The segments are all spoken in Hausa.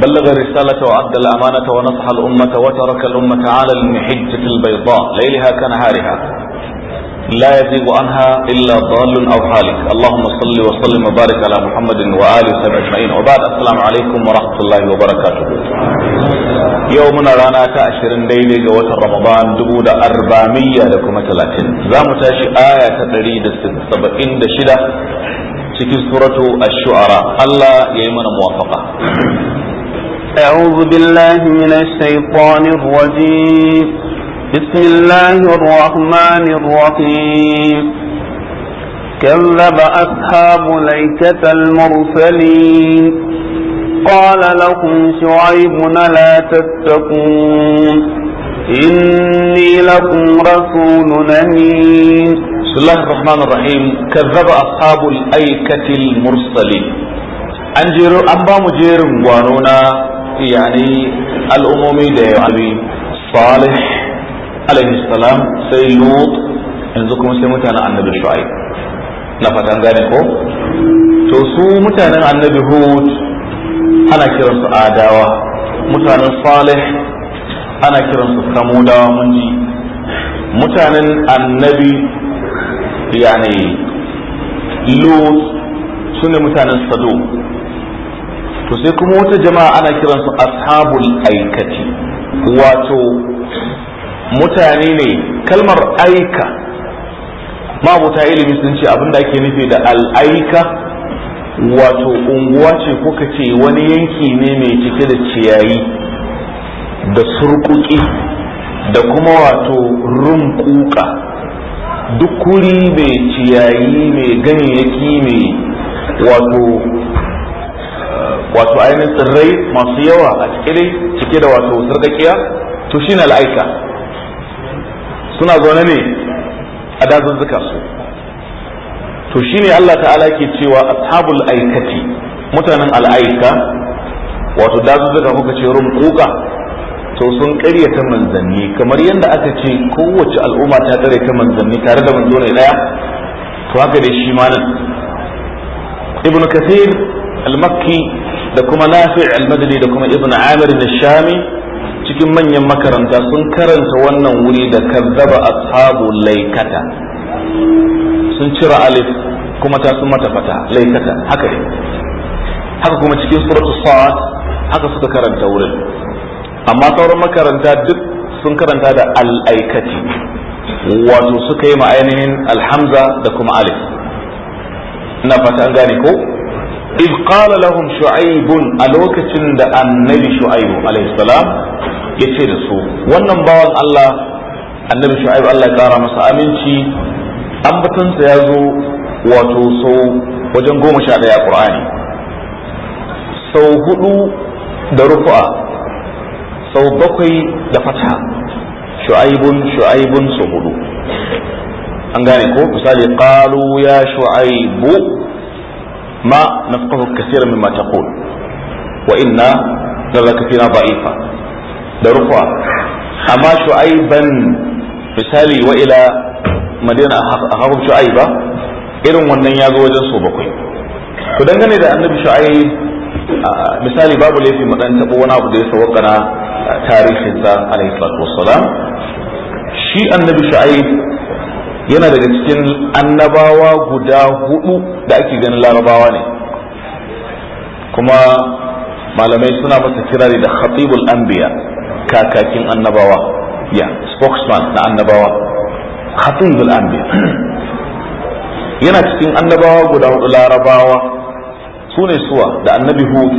بلغ الرسالة وعد الأمانة ونصح الأمة وترك الأمة على المحجة البيضاء ليلها كنهارها لا يزيغ عنها إلا ضال أو حالك اللهم صل وسلم وبارك على محمد وآل وسلم أجمعين وبعد السلام عليكم ورحمة الله وبركاته يومنا رانا تأشرين ليلة جوة رمضان دبود أربعمية لكم ثلاثين زامتاش آية تدريد سبعين دشدة cikin suratu ash-shu'ara Allah ya yi mana muwafaqa أعوذ بالله من الشيطان الرجيم بسم الله الرحمن الرحيم كذب أصحاب ليكة المرسلين قال لكم شعيب لا تتقون إني لكم رسول أمين بسم الله الرحمن الرحيم كذب أصحاب الأيكة المرسلين أنجر أبا مجير وانونا yani al'ummomi da yawa abi salih alaihi salam sai lut yanzu kuma sai mutanen annabi shu'aib na fatan gane ko to su mutanen annabi hud ana kiransu adawa mutanen salih ana kiransu kamudawa mun ji mutanen annabi yani lut su ne mutanen sadu to sai kuma wata jama'a ana kiransu ashabul aikati wato mutane ne kalmar aika mabuta ilimi sun ce abinda ake nufi da al'aika wato unguwa ce kuka ce wani yanki ne mai cike da ciyayi da surkuki da kuma wato rumkuka duk kuri mai ciyayi mai ganyayyaki mai wato wato ainihin tsirrai masu yawa a cikin cike da wato sarkakiya to shi na la'aika suna zaune ne a dazuzzuka su to shi ne Allah ta'ala ke cewa a ashabul aikati mutanen al'aika wato dazuzzuka kuka ce rum kuka to sun karya karyata manzanni kamar yadda aka ce kowace al'umma ta tsare karyata manzanni tare da manzo ne daya to haka dai shi ma nan ibnu kathir al-makki da kuma nafi' al-madani da kuma ibn amir da shami cikin manyan makaranta sun karanta wannan wuri da kazzaba ashabu laikata sun cira alif kuma ta sun mata fata laikata haka ne haka kuma cikin suratul sa'ad haka suka karanta wurin amma sauran makaranta duk sun karanta da al'aikati, wato suka yi ma ainihin alhamza da kuma alif Na fata an gane ko إذ قال لهم شعيب ألوكة النبي شعيب عليه السلام يتي دسو wannan bawan Allah annabi shu'aib Allah ya kara masa aminci ambatansa ya zo wato sau wajen goma sha ɗaya ƙur'ani sau hudu da rufu'a sau bakwai da fata shu'aibun shu'aibun sau hudu an gane ko misali qalu ya shu'aibu ما نفقه كثيرا مما تقول وإنا لذلك فينا ضعيفة درفع أما شعيبا misali wa ila madina a hagu shu'aiba irin wannan ya zo wajen so bakwai to dangane da annabi shu'aib misali babu laifi mu dan tabo wani abu da ya sawaka na shi annabi shu'aib yana daga cikin annabawa guda hudu da ake ganin larabawa ne kuma malamai suna masa kirari da khatibul anbiya kakakin annabawa ya spokesman na annabawa khatibul anbiya yana cikin annabawa guda hudu larabawa su ne suwa da annabi hud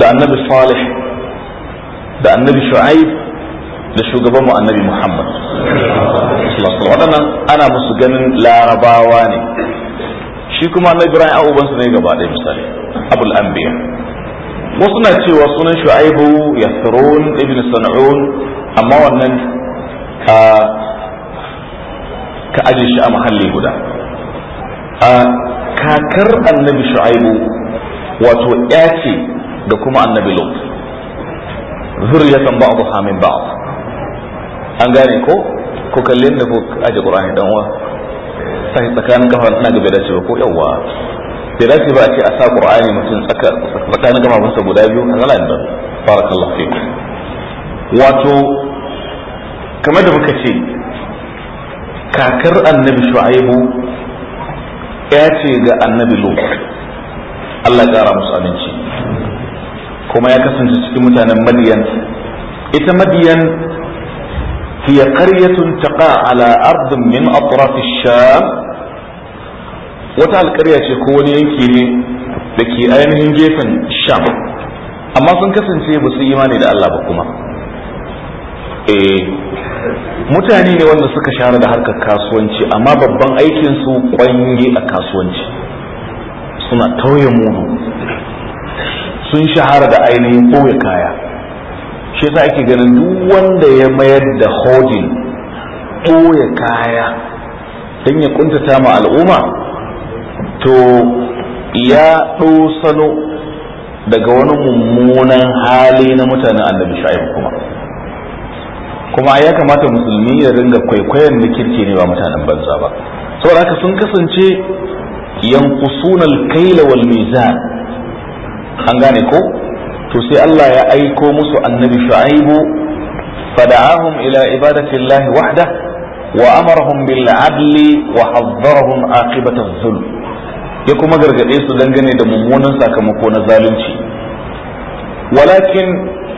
da annabi salih da annabi shu'aib da shugaban mu annabi muhammad waɗannan ana musu ganin larabawa ne shi kuma na ibrahim su ne gaba ɗaya misali abul anbiya wasu na cewa sunan shu'aibu yasrun ibn sanaun amma wannan ka ka shi a mahalli guda kakar annabi shu'aibu wato ya ce da kuma annabi san zurriyatan a min ba'd an gane ko ko kalli da ko aje qur'ani dan uwa sai tsakanin kafa na gaba da cewa ko yawa bai dace ba a ce a sa qur'ani mutum tsakanin kafafunsa guda biyu a zalan da barakallahu fi wato kamar da muka ce kakar annabi shu'aibu ya ce ga annabi lu Allah ya musu aminci kuma ya kasance cikin mutanen madiyan ita madiyan هي قرية تقع على أرض من أطراف الشام wata alƙarya ce ko wani yanki ne da ke ainihin gefen sham amma sun kasance ba yi imani da Allah ba kuma eh mutane ne wanda suka shahara da harkar kasuwanci amma babban aikinsu kwange a kasuwanci suna tauye sun shahara da ainihin ɓoye kaya shi yasa ake ganin duk wanda ya mayar da hodin ɓoye kaya don ya kuntata ma al'umma to ya salo daga wani mummunan hali na mutanen annabi sha'ib kuma kuma ya kamata musulmi ya ringa kwaikwayon da ne ba mutanen banza ba saboda haka sun kasance yankusunan kaila wal mizan an gane ko to sai Allah ya aiko musu annabi shu'aibu fada'ahum ila ibadati Allah wahda wa amarahum bil adli wa hazzarahum aqibata zulm ya kuma gargade su dangane da mummunan sakamako na zalunci walakin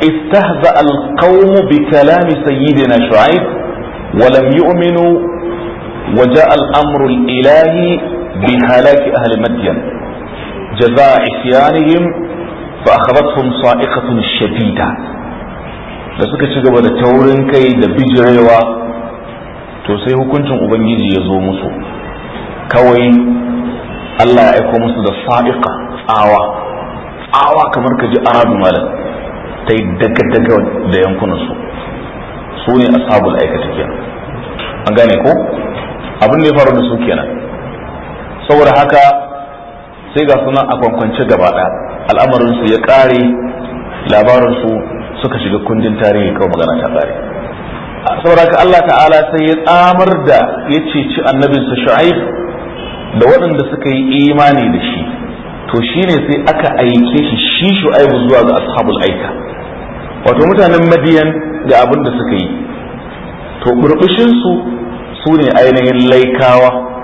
istahza al qawm bi kalami sayyidina shu'aib wa lam yu'minu wa ja'a al amru al ilahi bi halaki ahli madyan jaza'a isyanihim fa akhadathum sa'iqatun shadida da suka ci gaba da taurin kai da bijirewa to sai hukuncin ubangiji ya zo musu kawai Allah ya aiko musu da sa'iqa tsawa tsawa kamar ka ji arabu malam ta yi daga daga da yankunan su su ne ashabul aikata kenan an gane ko abin da ya faru da su kenan saboda haka sai ga suna a kwankwance gaba ɗaya al'amarinsu ya ƙare labarinsu suka shiga kundin tarihi kawai magana ta ƙare saboda Allah ta'ala sai ya tsamar da ya ceci annabinsa shu'aib da waɗanda suka yi imani da shi to shine sai aka aike shi shi shu'aib zuwa ga ashabul aika wato mutanen madiyan ga abin da suka yi to burbushin su su ne ainihin laikawa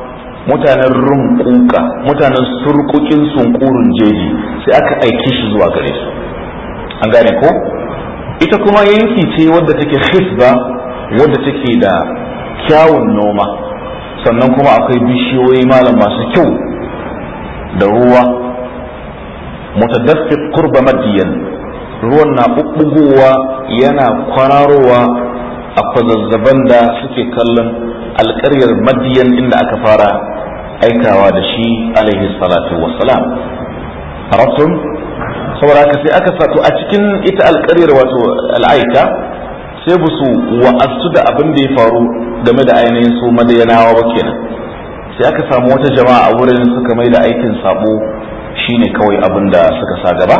mutanen rum kuka mutanen surkukin sunkurun jeji sai aka aiki shi zuwa gare su an gane ko ita kuma yanki ce wadda take hisba wadda take da kyawun noma sannan kuma akwai bishiyoyi malam masu kyau da ruwa mutadaffiq qurba madiyan ruwan na bubbugowa yana kwararowa a zazzaban da suke kallon alƙaryar madiyan inda aka fara aikawa da shi alaihi salatu wassalam arabtum saboda haka sai aka sato a cikin ita alƙaryar wato al'aika sai bu su wa'astu da abin da ya faru game da ainihin su madayanawa ba kenan sai aka samu wata jama'a a wurin suka mai da aikin sabo shine kawai abin da suka sa gaba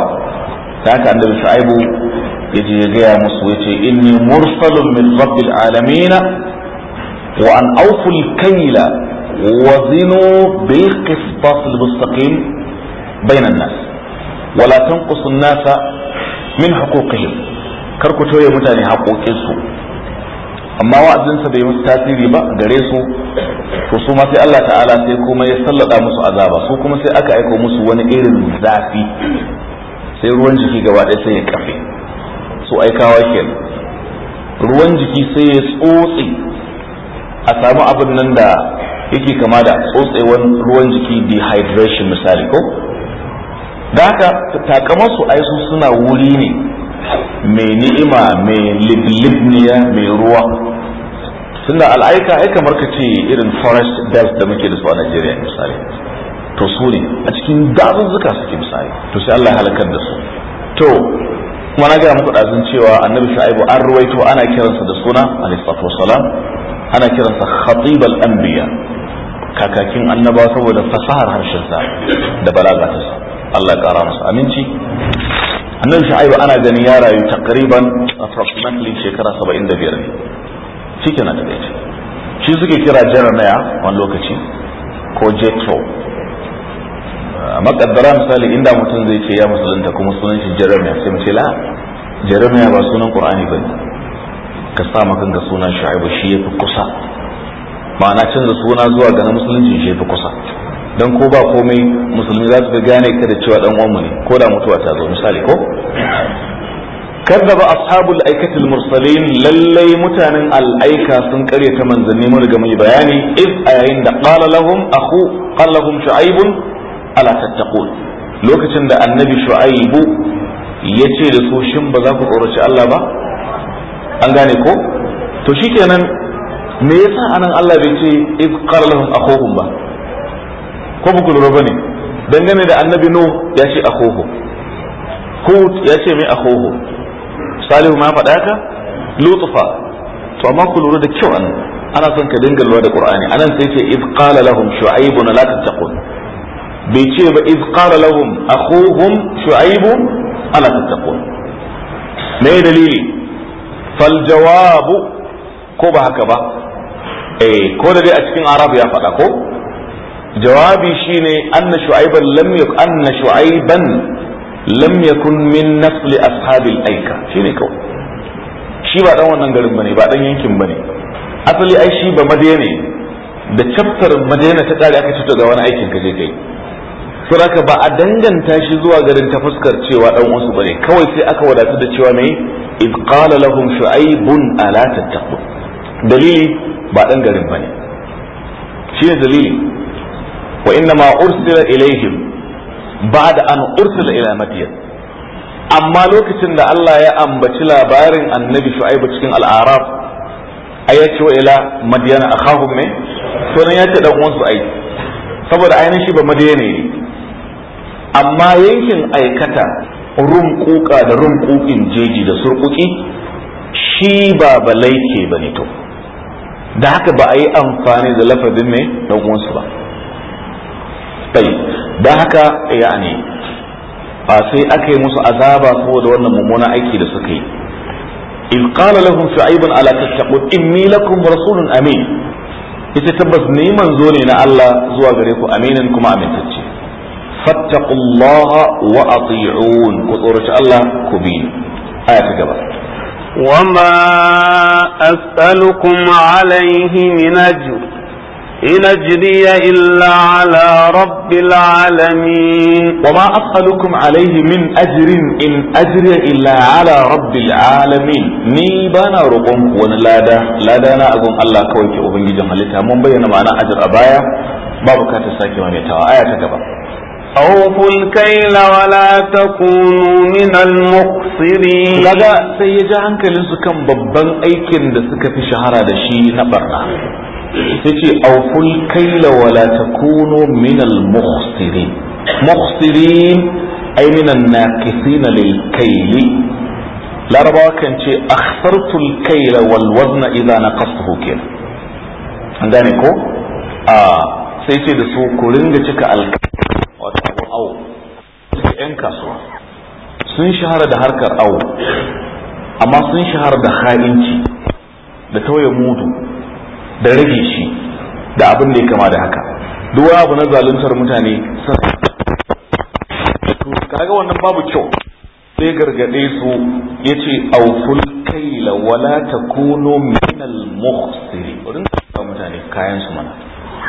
ta haka annabi shu'aibu yace ya gaya musu yace inni mursalun min rabbil alamin wa an awful kayla wa zinu bil qistas al mustaqim bayna nas wa la tanqusu nasa min huquqihim kar ku toye mutane haƙoƙinsu amma wa'azinsa bai musu tasiri ba gare su su ma sai Allah ta'ala sai kuma ya sallada musu azaba su kuma sai aka aiko musu wani irin zafi sai ruwan jiki gaba ɗaya sai ya kafe to aikawa kenan ruwan jiki sai ya tsotse a samu abin nan da yake kama da tsotsewan ruwan jiki dehydration misali ko da haka takamar su ai suna wuri ne mai ni'ima mai liblibniya mai ruwa suna al'aika ai kamar ka ce irin forest belt da muke da su a Najeriya misali to su ne a cikin dazuzzuka suke misali to sai Allah halakar da su to kuma na gaya muku ɗazun cewa annabi shu'aibu an ruwaito ana kiransa da suna alaihi salam ana kiransa khatibal anbiya kakakin annaba saboda fasahar harshen sa da sa Allah ƙara masa aminci annabi shu'aibu ana gani ya rayu takriban approximately shekara 75 ne cikin annabi shi suke kira jeremiah wani lokaci ko jethro A makaddara misali inda mutum zai ce ya musulunta kuma sunan shi jeremiah sai mu ce la jeremiah ba sunan qur'ani bane ka sa maka ga sunan shu'aibu shi yafi kusa ma'ana canza suna zuwa ga na musulunci shi yafi kusa dan ko ba komai musulmi za su ga gane ka da cewa dan uwanmu ne ko da mutuwa ta zo misali ko كذب أصحاب الأيكة المرسلين للي متان الأيكة سنكرية من زني مرقم بياني إذ أين قال لهم أخو قال لهم Shu'aibun. ala tattaqun lokacin da annabi shu'aibu ya ce da su shin ba za ku tsoraci Allah ba an gane ko to shikenan me yasa anan Allah bai ce iz qala lahum akhuhum ba ko ba ku lura bane dangane da annabi no ya ce akhuhu hud ya ce mai akhuhu salihu ma faɗa ka lutfa to amma ku lura da kyau anan ana son ka dinga lura da qur'ani anan sai ce iz qala lahum shu'aibun la tattaqun bai ce ba iz qala lahum akhuhum shu'aib ala tattaqun me dalili fal jawab ko ba haka ba eh ko da dai a cikin arab ya faɗa ko jawabi shine anna shu'aiban lam yakun anna shu'aiban lam yakun min nasl al aika shine kawai shi ba dan wannan garin bane ba dan yankin bane asali ai shi ba madaya ne da chapter madina ta tare aka fito ga wani aikin ka je kai suraka ba a danganta shi zuwa garin ta fuskar cewa dan uwansu bane kawai sai aka wadatu da cewa mai id qala lahum shu'aibun ala tattaqu dalili ba dan garin bane shi ne dalili wa inna ma ursila ilaihim ba'da an ursila ila madyan amma lokacin da Allah ya ambaci labarin annabi shu'aibu cikin al-a'raf ya ce wa ila madyan akhahum ne sunan ya ce dan uwansu ai saboda ainihin shi ba madyan ne amma yankin aikata kuka da kukin jeji da surkuki, shi ba balai ke ba ne to da haka ba a yi amfani da lafadin mai da uwansu ba bai da haka ne ba sai aka yi musu azaba ko da wannan mummunan aiki da suka yi in qala lahum shu'aibun ala tattaqun inni lakum rasulun amin ita tabbas ni manzo ne na Allah zuwa gare ku aminin kuma amintacce فاتقوا الله وأطيعون كثورة الله كبين آية جبل وما أسألكم عليه من أجر إن أجري إلا على رب العالمين وما أسألكم عليه من أجر إن أجري إلا على رب العالمين نيبانا رقم ونلادا لا لا أقوم الله كويك أبنجي جمالتها من بينا معنا أجر أبايا babu ka ta sake آية aya أوفوا الكيل ولا تكونوا من المخسرين kaga sai ya hankalin su kan babban aikin da suka fi shahara da shi na barna yace awful kaila wala takunu min al mukhsirin mukhsirin ay min an larabawa kan ce aksar al kaila wal wazna idha naqastuhu ko sai ce da su ku ringa cika alkali wato abu awo yan kasuwa sun shahara da harkar awo amma sun shahara da ha'inci da tauye mudu da rage shi da abin da ya kama da haka duk abu na zaluntar mutane sun kaga wannan babu kyau sai gargaɗe su ya ce auful kaila wala ta kuno minal muhsiri wurin mutane kayan su mana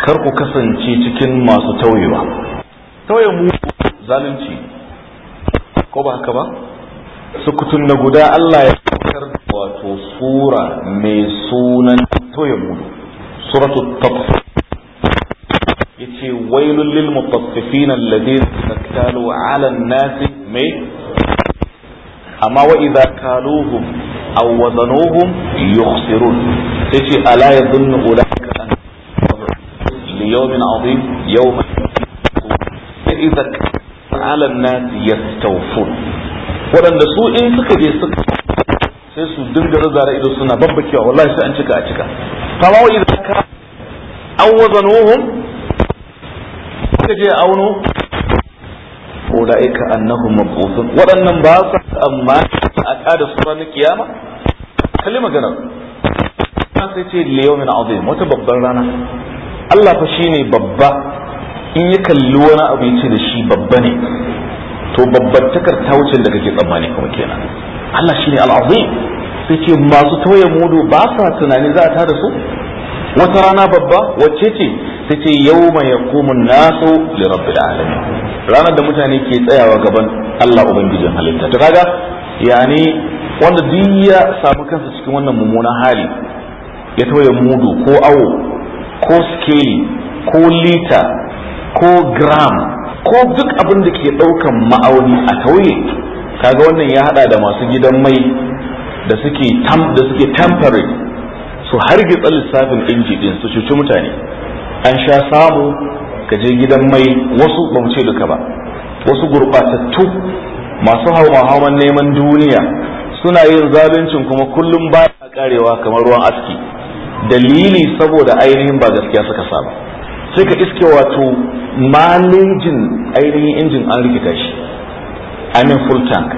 kar ku kasance cikin masu tauyewa tauye mu zalunci ko ba haka ba sukutun na guda Allah ya fitar wato sura mai sunan tauye mu suratu tafsir yace wailul lil mutaffifin alladhina taktalu ala an-nas mai amma wa idza kaluhum aw wazanuhum yukhsirun yace ala yadhunnu ulaka an li yawmin azim yawma فإذا ala الناس يستوفون waɗanda su إن suka je suka sai su dinga zara ido suna babbakewa wallahi sai an cika a cika kama wa idza ka an suka je auno waɗannan ba su amma a kada su ranar kiyama kalli magana sai ce azim wata babban rana Allah fa ne babba in ya kalli wani abu ya ce da shi babba ne to babban takar ta wuce da ke tsammani kuma kenan Allah shine al'azim sai ce masu toye mudu ba sa tunani za a tada su wata rana babba wacce ce sai ce yawma yaqumun nasu li rabbil alamin ranar da mutane ke tsayawa gaban Allah ubangijin halitta to kaga yani wanda duk ya samu kansa cikin wannan mummunan hali ya tawaye mudu ko awo ko skeli ko lita ko gram ko duk abin da ke ɗaukan ma'auni a kauye kaga wannan ya hada da masu gidan mai da suke da suke su hargitsa lissafin inji din su cuci mutane an sha samu ka gidan mai wasu ba mu ce duka ba wasu gurɓatattu masu hawan neman duniya suna yin zaluncin kuma kullum ba karewa kamar ruwan aski dalili saboda ainihin ba gaskiya suka saba sai ka iske wato malejin ainihin injin an rikita shi amin full tank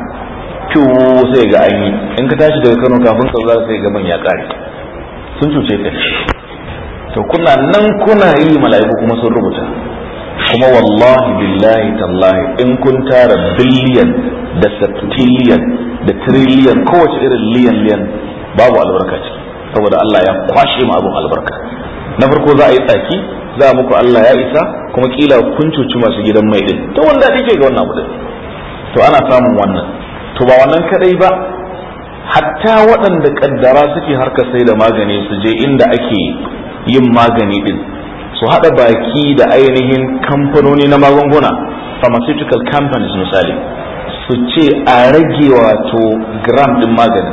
kyau sai ga an in ka tashi daga kano kafin ka zuwa sai gaban ya kare sun cuce ka to kuna nan kuna yi mala'iku kuma sun rubuta kuma wallahi billahi tallahi in kun tara biliyan da satiliyan da triliyan kowace irin liyan liyan babu albarka ciki saboda Allah ya kwashe mu abun albarka na farko za a yi tsaki za muku Allah ya isa kuma kila kun cuci masu gidan mai din to wanda take ga wannan abu to ana samun wannan to ba wannan kadai ba hatta waɗanda kaddara suke harka sai da magani su je inda ake yin magani din su haɗa baki da ainihin kamfanoni na magunguna pharmaceutical companies misali su ce a rage wato gram din magani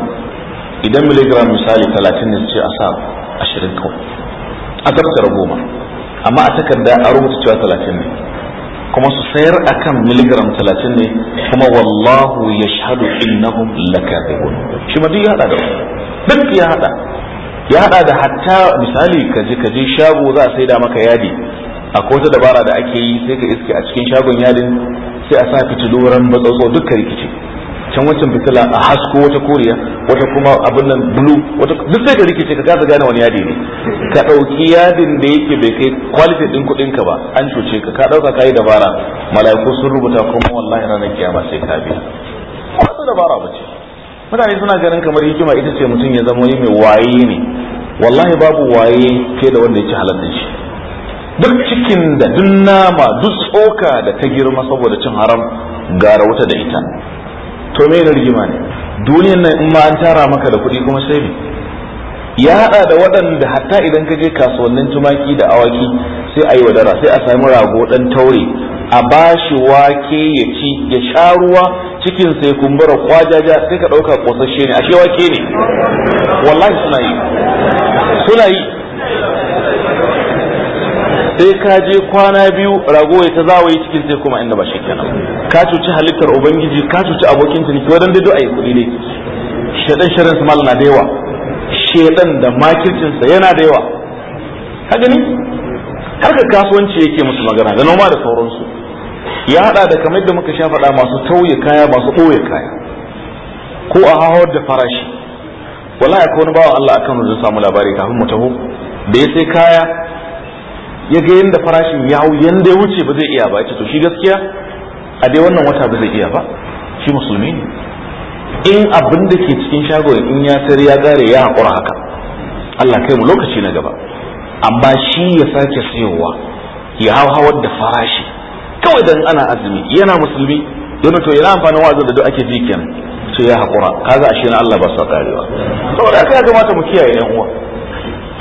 idan miligram misali 30 ne su ce a sa 20 kawai a tattara goma amma a takarda a rubuta cewa talatin ne kuma su sayar akan miligram talatin ne kuma wallahu ya shahadu innahum lakadibun shi ma duk ya hada da duk ya hada ya hada da hatta misali kaje kaje shago za a sai da maka yadi akwai wata dabara da ake yi sai ka iske a cikin shagon yadin sai a sa fitiloran batsotso dukkan rikici can wancan fitila a hasko wata koriya wata kuma abin nan blue wata duk sai ka rikice ka kasa gane wani yadi ne ka dauki yadin da yake bai kai quality din kudin ka ba an cuce ka ka dauka kai dabara malaiku sun rubuta kuma wallahi ranar kiyama sai ka bi wata dabara ba ce mutane suna ganin kamar hikima ita ce mutum ya zama wani mai waye ne wallahi babu waye ke da wanda ya ci shi duk cikin da duk nama duk tsoka da ta girma saboda cin haram gara wata da ita to me rigima ne duniyan nan in ma an tara maka da kuɗi kuma sai me ya hada da waɗanda hatta idan ka je kasuwannin tumaki da awaki sai a yi wadara sai a sami rago ɗan taure a bashi wake ya ci ya sha ruwa cikin sai kumbura kwajaja sai ka ɗauka ƙosashe ne ashe wake ne wallahi suna yi suna yi sai ka je kwana biyu rago ya ta zawaye cikin sai kuma inda ba shi kenan ka cuci halittar ubangiji ka cuci abokin ciniki wadan dai du'a yi kuɗi ne shedan shirin su na da yawa shedan da makircin yana da yawa ka gani haka kasuwanci yake musu magana da noma da sauransu ya haɗa da kamar da muka sha faɗa masu tauye kaya masu ɓoye kaya ko a hawar da farashi wallahi akwai wani bawan Allah akan rujun samu labari kafin mu taho da ya sai kaya ya ga yadda farashin ya hau yadda ya wuce ba zai iya ba ita to shi gaskiya a dai wannan wata ba zai iya ba shi musulmi ne in abin da ke cikin shagon in ya sayar ya gare ya haƙura haka Allah kai mu lokaci na gaba amma shi ya sake sayowa ya hau hawar da farashi kawai dan ana azumi yana musulmi yana to yana amfanin wa'azin da duk ake ji kenan to ya haƙura kaga ashe na Allah ba sa karewa saboda haka ya kamata mu kiyaye yan uwa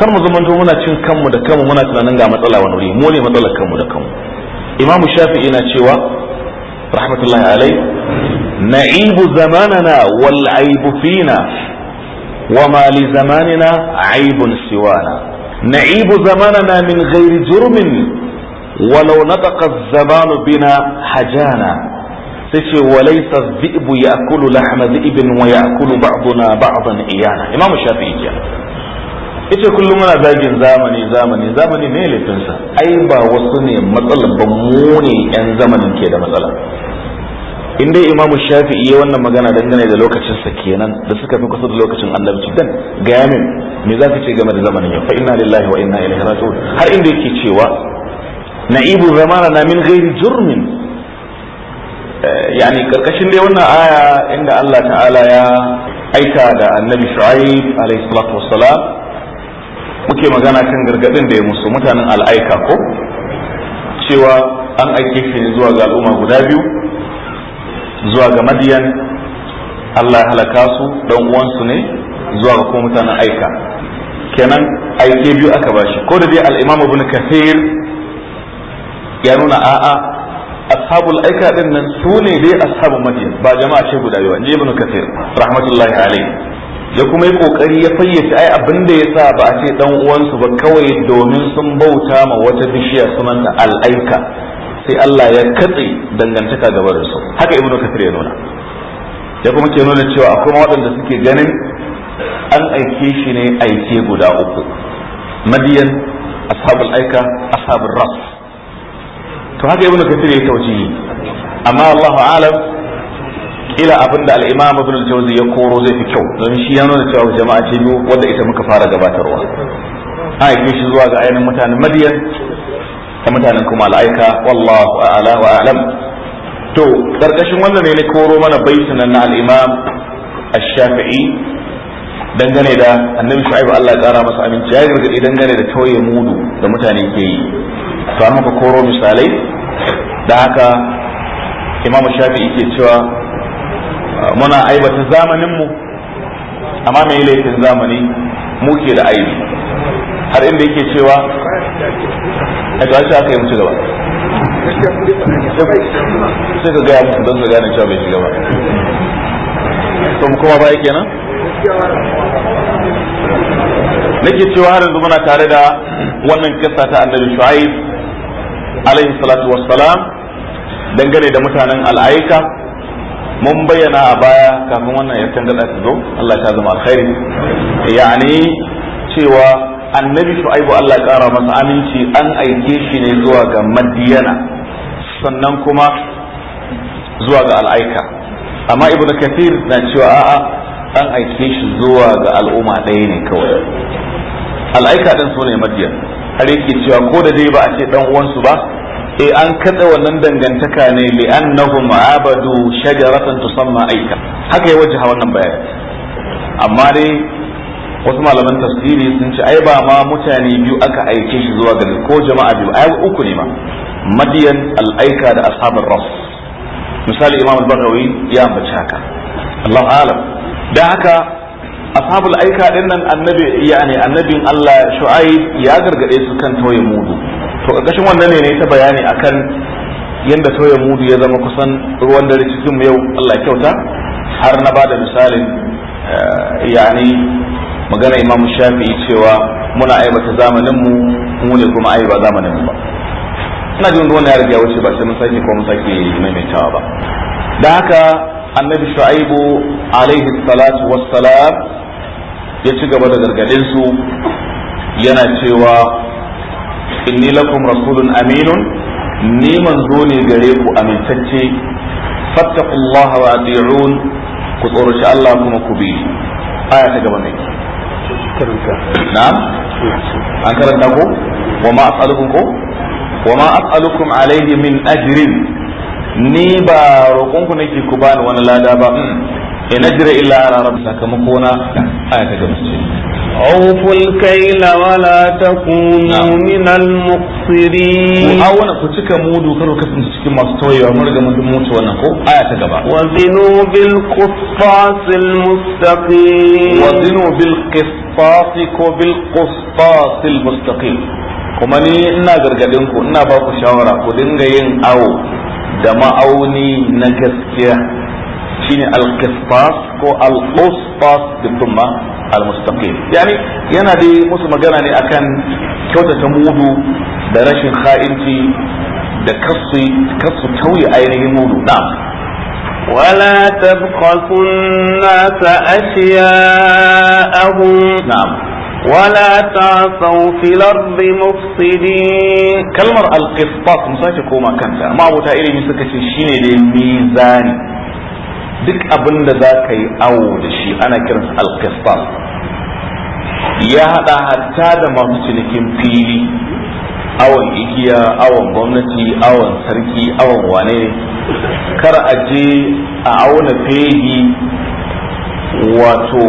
kar mu zama to muna cin kanmu da kanmu muna tunanin ga matsala wani wuri mu ne matsalar kanmu da kanmu imamu shafi na cewa rahmatullahi alai na'ibu zamanana wal aibu fina wa ma li zamanina aibun siwana na'ibu zamanana min ghairi jurmin walau nataqa zamanu bina hajana tace walaysa dhi'bu ya'kulu lahma dhi'bin wa ya'kulu ba'duna ba'dan iyana imamu shafi'i kenan yace kullum muna zagin zamani zamani zamani ne laifinsa ai ba wasu ne matsalar ba mu ne yan zamanin ke da matsala in dai imamu shafi'i ya wannan magana dangane da lokacin sa kenan da suka fi kusa da lokacin annabci dan gaya min me za ce game da zamanin yau fa inna lillahi wa inna ilaihi raji'un har inda yake cewa na'ibu na min ghairi jurmin eh, yani karkashin dai wannan aya inda Allah ta'ala ya aika da annabi shu'aib alaihi salatu wassalam muke magana kan gargadin da ya musu mutanen al'aika ko cewa an aike shi ne zuwa ga al'umma guda biyu zuwa ga madiyan Allah ya halaka su dan uwansu ne zuwa ga kuma mutanen aika kenan aike biyu aka bashi ko da dai al-Imam Ibn Kathir ya nuna a'a ashabul aika din nan su ne dai ashabul madiyan ba jama'a ce guda biyu ne Ibn Kathir rahmatullahi alaihi ya kuma yi kokari ya fayyace ai abin da ya sa ba a ce dan uwansu ba kawai domin sun bauta ma wata bishiya sunanta al'aika sai Allah ya katse dangantaka ga barinsu haka ibnu kasir ya nuna ya kuma ke nuna cewa akwai waɗanda suke ganin an aike shi ne aike guda uku madiyan ashabul aika ashabul ras to haka ibnu kasir ya tauci amma Allahu alam kila abin da al-imam ibn al-jawzi ya koro zai fi kyau don shi ya nuna cewa jama'a ce mu wanda ita muka fara gabatarwa a yi shi zuwa ga ainihin mutanen madiyan ta mutanen kuma al'aika wallahu a'ala wa a'lam to karkashin wannan ne na koro mana baitin nan na al ash-shafi'i dangane da annabi shu'aib Allah ya kara masa aminci ya gargadi dangane da tauye mudu da mutane ke yi to an muka koro misalai da haka imamu shafi'i ke cewa muna aibata zamanin mu amma yake laifin zamani mu ke da aibi har inda yake cewa a ga shi aka yi mutu gaba sai ka gaya musu don su gane cewa bai shiga ba to mu kuma baya kenan nake cewa har yanzu muna tare da wannan kissa ta annabi shu'aib alaihi salatu wassalam dangane da mutanen al'aika mun bayyana a baya kafin wannan ya tangada ta zo Allah ta zama alkhairi yani cewa annabi shu'aibu Allah kara masa aminci an aike shi ne zuwa ga madiyana sannan kuma zuwa ga al'aika amma ibn kathir na cewa a'a an aike shi zuwa ga al'umma ɗaya ne kawai al'aika din sune madiyan har yake cewa ko da dai ba a ce dan uwansu ba eh an katse wannan dangantaka ne annahum abadu shajaratan tusamma aika haka ya wajaha wannan bayani amma dai wasu malaman tafsiri sun ce ai ba ma mutane biyu aka aike shi zuwa ga ko jama'a biyu ai uku ne ma madiyan al'aika da ashabar ras misali imam al-bagawi ya ambaci haka Allah alam dan haka ashabul aika dinnan nan annabi yani annabin Allah shu'aib ya gargade su kan toye mudu to ƙarƙashin wannan ne ta bayani akan yadda soya mudu ya zama kusan ruwan dare cikin yau Allah kyauta har na bada misalin eh, yani magana imamu shafi'i cewa muna aibata zamanin mu mu ne kuma ai ba zamanin mu ba ina jin ruwan ya riga wuce ba sai mun sake ko mun sake maimaitawa ba da haka annabi shu'aibu alaihi salatu wassalam ya ci gaba da gargadin su yana cewa inni lakum rasulun aminun ni manzo ne gare ku amintacce fattaqullaha wa ati'un ku tsoraci Allah kuma ku bi aya ta gaba ne na'am an karanta ko wa ma as'alukum ko wa ma as'alukum alayhi min ajrin ni ba roƙon ku nake ku bani wani lada ba hmm. in ajra illa ala rabbi sakamakona aya ta gaba ce أوفوا الكيل ولا تكونوا من المقصرين أو أنا كنت كمود كتن سكي ما ستوي ومرغ من دموت ونكو آية تقبع وزنوا بالقصاص المستقيم وزنوا بالقصاص وبالقصاص المستقيم kuma ni ina gargadin ku ina ba ku shawara ku dinga yin awo da ma'auni na gaskiya shine al-qistas ko al-qistas diploma المستقيم يعني ينا دي موسى مجانا ني اكن كوتا تمودو دا رشن خائنتي دا كصي كصي توي اينه مودو نعم ولا تبخسوا الناس اشياءهم نعم ولا تعصوا في الارض مفسدين كالمرأة القسطاس مساكه كوما كانت ما ابو تايري مسكه شيني ميزاني duk abin da za ka yi awo da shi ana kiran alkistas ya hada hatta da masu cinikin fili awon igiya awon gwamnati awon sarki awon wane kar a je a auna fegi wato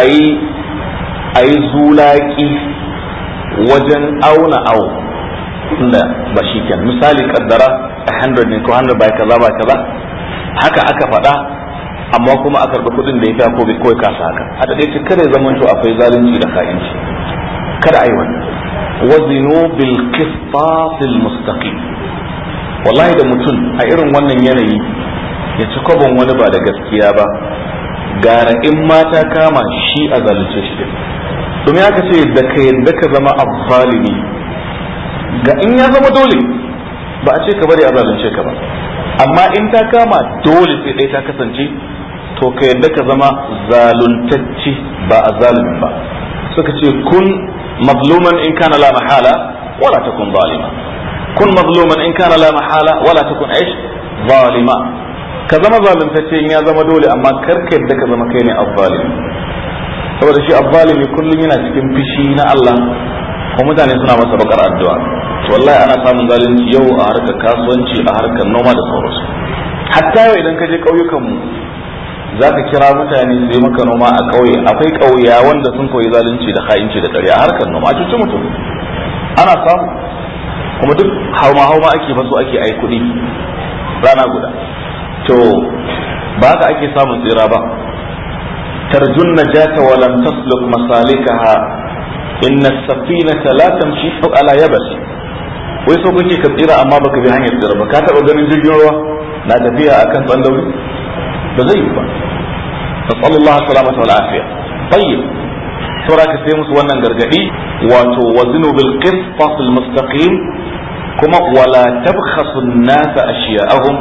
a yi zulaki wajen auna awo da ba shi misali kaddara 100 ne ko 100 bai kaza ba kaza haka aka faɗa amma kuma a karɓi kuɗin da ya fiya ko bai kawai kasa haka a taɗaice kada ya zama to akwai zalunci da ka'inci kada a yi wannan wazinu bil qistasil mustaqim wallahi da mutum a irin wannan yanayi ya ci kwabon wani ba da gaskiya ba gara in mata kama shi a zalunce shi din domin aka ce da ka yadda ka zama azzalimi ga in ya zama dole ba a ce ka bari a zalunce ka ba amma in ta kama dole sai dai ta kasance to ka yadda ka zama zaluntacci ba a zalumin ba suka ce kun mazluman in kana la mahala wala takun zalima kun mazluman in kana la mahala wala takun aish zalima ka zama zaluntacce in ya zama dole amma kar ka yadda ka zama kai ne azzalimi saboda shi azzalimi kullum yana cikin fishi na Allah kuma mutane suna masa bakar addu'a wallahi ana samun zalunci yau a harkar kasuwanci a harkar noma da sauransu hatta yau idan ka je ƙauyukan mu za ka kira mutane su yi maka noma a ƙauye akwai ƙauya wanda sun koyi zalunci da ha'inci da ƙarya a harkar noma a cikin mutum ana samu kuma duk hauma hauma ake faso ake ai kuɗi rana guda to ba haka ake samun tsira ba tarjun najata wa lam tasluk masalikaha inna safinata la tamshi ala yabas wai so kake ka tsira amma baka bi hanyar tsira ba ka taba ganin jirgin ruwa na tafiya akan tsandauri ba zai yi ba nasallallahu salamata wal afiya tayyib saura ka sai musu wannan gargadi wato wazinu bil qistas al mustaqim kuma wala tabkhasu an-nasa ashiya'ahum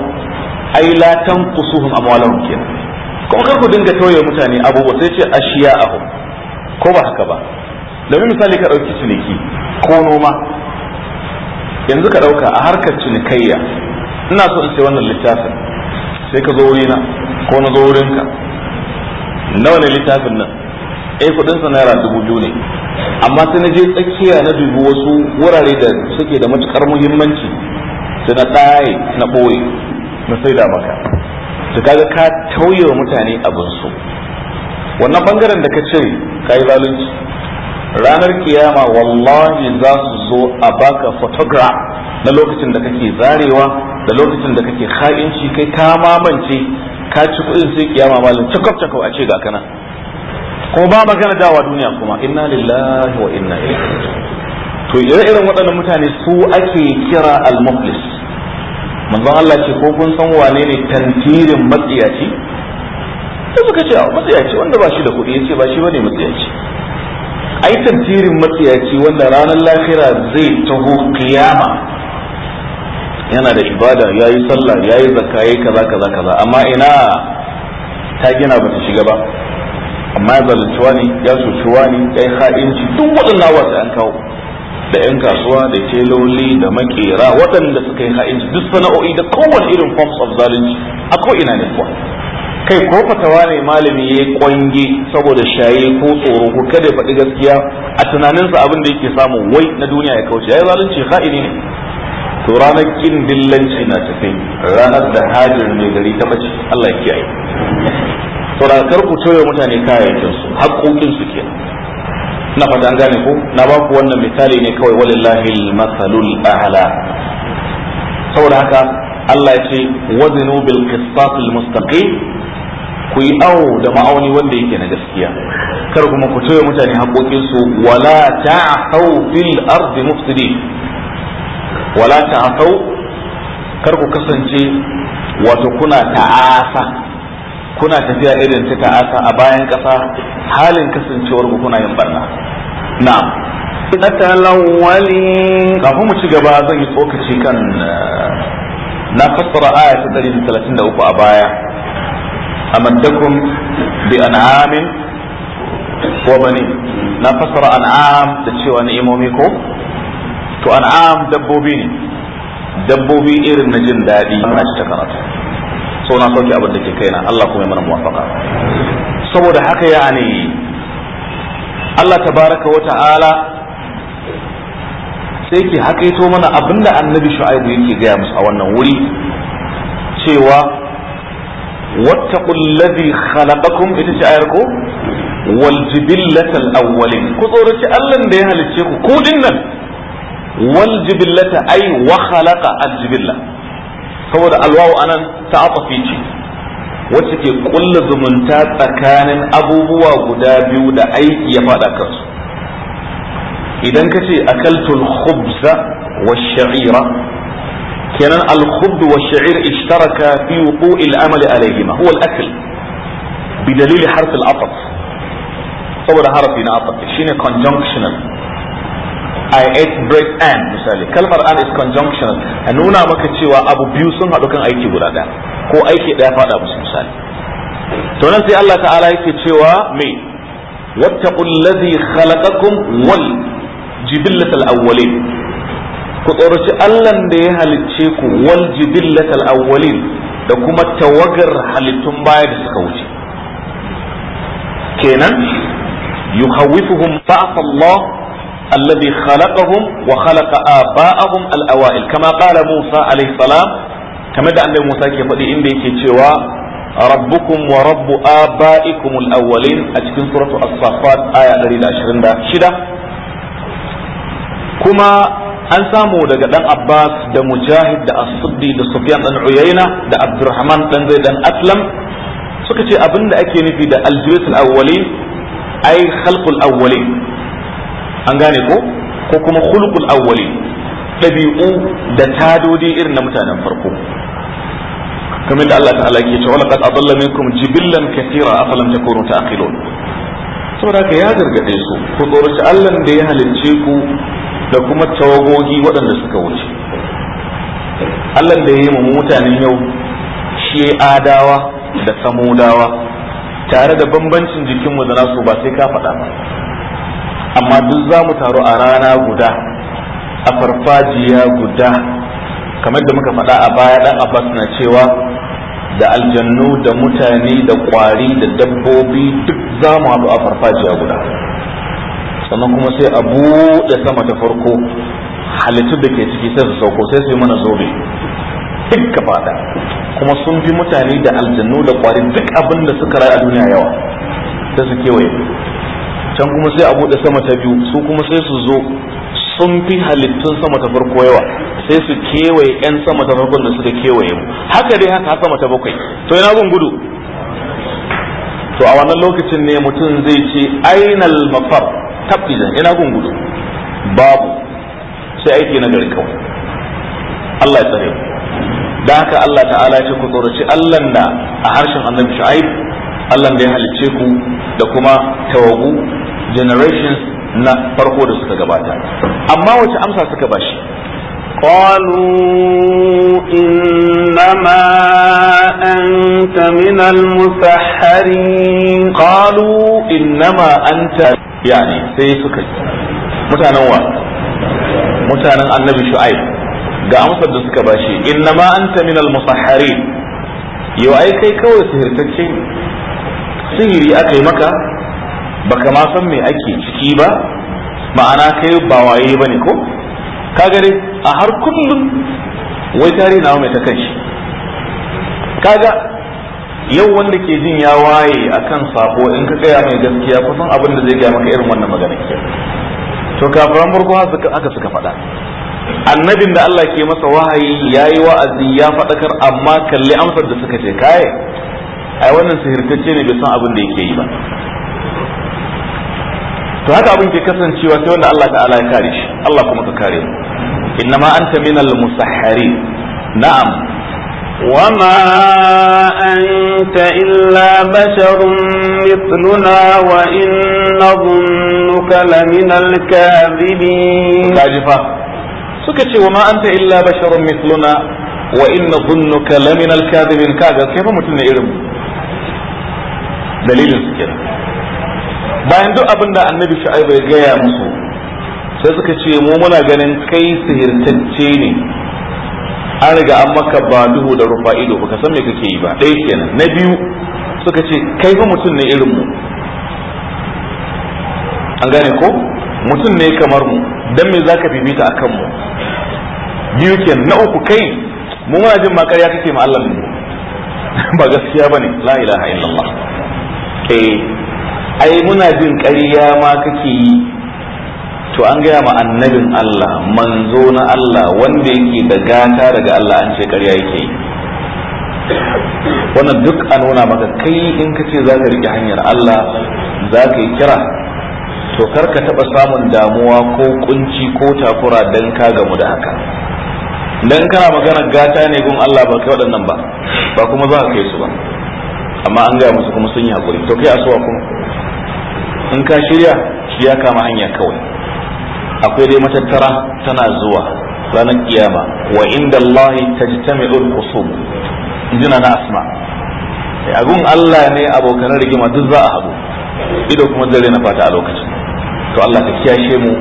ay la tanqusuhum amwalahum kenan kuma kar ku dinga toye mutane abubuwa sai ce ashiya'ahum ko ba haka ba domin misali ka dauki ciniki ko noma yanzu ka ɗauka a harkar cinikayya ina so in sai wannan littafin sai ka zo wurina ko na zo wurinka nawa ne littafin nan eh kudin sa naira dubu biyu ne amma sai na je tsakiya na dubi wasu wurare da suke da matukar muhimmanci sai na ɗaya na ɓoye na sai da maka to kaga ka tauye wa mutane abin su wannan bangaren da ka cire ka yi zalunci ranar kiyama wallahi za su zo a baka fotogra na lokacin da kake zarewa da lokacin da kake ha'inci kai ka mamance ka ci kuɗin sai kiyama malin cakwaf cakwaf a ce ga kana Ko ba magana dawa duniya kuma inna lillahi wa inna ilaihi to ire-iren waɗannan mutane su ake kira al-muflis manzon Allah ce ko kun san wane ne tantirin matsiyaci sai suka ce matsiyaci wanda ba shi da kuɗi yace ba shi bane matsiyaci ai tafsirin matsiyaci wanda ranar lahira zai taho kiyama yana da ibada ya yi sallah ya yi zakka ya yi kaza kaza kaza amma ina ta gina ba ta shiga ba amma ya zalunci ne ya soci ne ya yi ha'inci duk waɗannan wasu an kawo da 'yan kasuwa da teloli da makera waɗanda suka yi ha'inci duk sana'o'i da kowane irin forms of zalunci akwai ko ina ne kuwa kai ko fatawa ne malami ya yi kwange saboda shaye ko tsoro ko kada ya faɗi gaskiya a tunaninsa abin da yake samu wai na duniya ya kauce ya yi zalunci ha'ini ne to ranar kin dillanci na tafi ranar da hajar mai gari ta bace Allah ya kiyaye sauratar ku toye mutane kayayyakin su haƙoƙin su ke na fata an gane ko na ba ku wannan misali ne kawai walillahi al-masalul a'la saboda haka Allah ya ce wazinu bil qisas al-mustaqim ku yi awo da ma'auni wanda yake na gaskiya kar kuma ku toye mutane haƙoƙinsu wala ta'athau fil ardi mufsidin wala ta'athau kar ku kasance wato kuna ta'asa kuna tafiya irin ta ta'asa a bayan ƙasa halin kasancewar ku kuna yin barna na'am tatalawwali kafin mu ci gaba zan yi tsokaci kan eh, na fassara ayatu ta 133 a baya bi أمدكم بأنعام وبنين na fasara an'am da cewa imomi ko to an'am dabbobi ne dabbobi irin na jin daɗi ana ci ta so na sauke abin da ke kai na Allah kuma ya mana muwafaka saboda haka ya ne Allah tabaraka wa ta'ala sai ke hakaito mana abinda annabi shu'aibu yake gaya musu a wannan wuri cewa wattaqul khalaƙa khalaqakum ita ce ayar ko wal jibillatal awwalin tsoraci Allah da ya halicce ku ku dinnan wal jibillata ay wa khalaqa al saboda alwawu anan ta'atafi ce wacce ke kulla zumunta tsakanin abubuwa guda biyu da aiki ya fada kansu idan ka ce akaltul khubza wa sha'ira kenan al-khubd wa sha'ir ishtaraka fi wuqu'i al-amal alayhima huwa al-akl bi dalil harf al-atf saboda harafi na atf conjunctional I ate bread and misali kalmar and is conjunctional a nuna maka cewa abu biyu sun haɗu kan aiki guda ɗaya ko aiki ɗaya faɗa musu misali to nan sai Allah ta'ala yake cewa me wattaqul ladhi khalaqakum wal jibillatal awwalin ku tsoraci Allahn da ya halicce ku wal jibillatal awwalin da kuma tawagar halittun baya da suka wuce kenan yukhawwifuhum ba'ath Allah alladhi khalaqahum wa khalaqa aba'ahum al-awa'il kama qala Musa alayhi salam kamar da annabi Musa ke faɗi inda yake cewa rabbukum wa rabbu aba'ikum al-awwalin a cikin suratu as-saffat aya 126 kuma an samu daga dan Abbas da Mujahid da As-Siddi da Sufyan dan Uyayna da Abdurrahman dan Zaid dan Aslam suka ce abinda ake nufi da aljiratul awwalin ai khalqul awwalin an gane ko ko kuma khulqul awwalin dabi'u da tadodi irin na mutanen farko kamar da Allah ta'ala ke cewa laqad adalla minkum jibillan kathira afalam takunu ta'qilun saboda ka ya gargade su ku tsoraci Allah da ya halicce ku da kuma tawagogi waɗanda suka wuce Allah da ya yi mu mutanen yau shi adawa da samudawa tare da bambancin jikinmu da nasu ba sai ka faɗa ba amma duk za mu taru a rana guda a farfajiya guda kamar da muka faɗa a baya ɗan abbas na cewa da aljannu da mutane da ƙwari da dabbobi duk za mu haɗu a farfajiya guda sannan kuma sai a buɗe sama ta farko halittu da ke ciki sai su sauko sai su yi mana zobe duk ka da kuma sun fi mutane da aljannu da kwari duk abin da suka rayu a duniya yawa sai su kewaye can kuma sai a buɗe sama ta biyu su kuma sai su zo sun fi halittun sama ta farko yawa sai su kewaye 'yan sama ta farkon da suka kewaye mu haka dai haka sama ta bakwai to yana gun gudu to a wannan lokacin ne mutum zai ce ainal mafar tabbijan ina gun gudu babu sai aiki na gari kawai Allah ya tsare da haka Allah ta'ala ce ku tsoraci Allah na a harshen annabi shu'aib Allah da ya halicce ku da kuma tawagu generations na farko da suka gabata amma wace amsa suka bashi قالوا إنما أنت من المسحرين قالوا إنما أنت yani sai suka mutanen wa mutanen annabi shu'aib ga amsar da suka bashi ma anta min al-musahharin yau ai kai kawai sihirtacce sihiri aka yi maka baka ma san me ake ciki ba ma'ana kai ba waye bane ko ka gare a har kullum wai tare nawa mai ta kai kaga yau wanda ke jin ya waye akan sako in ka gaya mai gaskiya kusan abin da zai gaya maka irin wannan magana to kafiran farko haka suka faɗa annabin da Allah ke masa wahayi ya yi wa'azi ya faɗakar amma kalli amsar da suka ce kai ai wannan sihirtacce ne bai san abin da yake yi ba to haka abin ke kasancewa sai wanda Allah ta'ala ya kare shi Allah kuma ka kare mu innama anta minal musahhari na'am وما أنت إلا بشر مثلنا وإن نظنك لمن الكاذبين كاذبة سكتي وما أنت إلا بشر مثلنا وإن نظنك لمن الكاذبين كاذب كيف مثلنا إرم دليل سكتي bayan duk abin da annabi shu'aibu ya gaya musu sai suka ce mu muna ganin kai sihirtacce ne an riga an maka ba duhu da rufa ido ka san me kake yi ba ɗaya kenan na biyu suka ce kai fa mutum ne irin mu an gane ko mutum ne kamar mu dan me zaka bibita akan mu biyu kenan na uku kai mu muna jin makar kake ma Allah mu ba gaskiya bane la ilaha illallah eh ai muna jin ƙarya ma kake yi to an gaya ma annabin Allah manzo na Allah wanda yake da gata daga Allah an ce ƙarya yake yi wannan duk a nuna maka kai in ka ce za ka riƙe hanyar Allah za ka yi kira to kar ka taɓa samun damuwa ko kunci ko takura don ka gamu da haka dan kana magana gata ne gun Allah ba kai waɗannan ba ba kuma za ka kai su ba amma an gaya musu kuma sun yi hakuri. to kai asuwa kuma in ka shirya shi ya kama hanya kawai akwai dai matattara tana zuwa ranar kiyama wa inda Allah tajtami'ul qusum injina na asma agun Allah ne abokan rigima duk za a hagu ido kuma zai na fata a lokacin to Allah ka kiyashe mu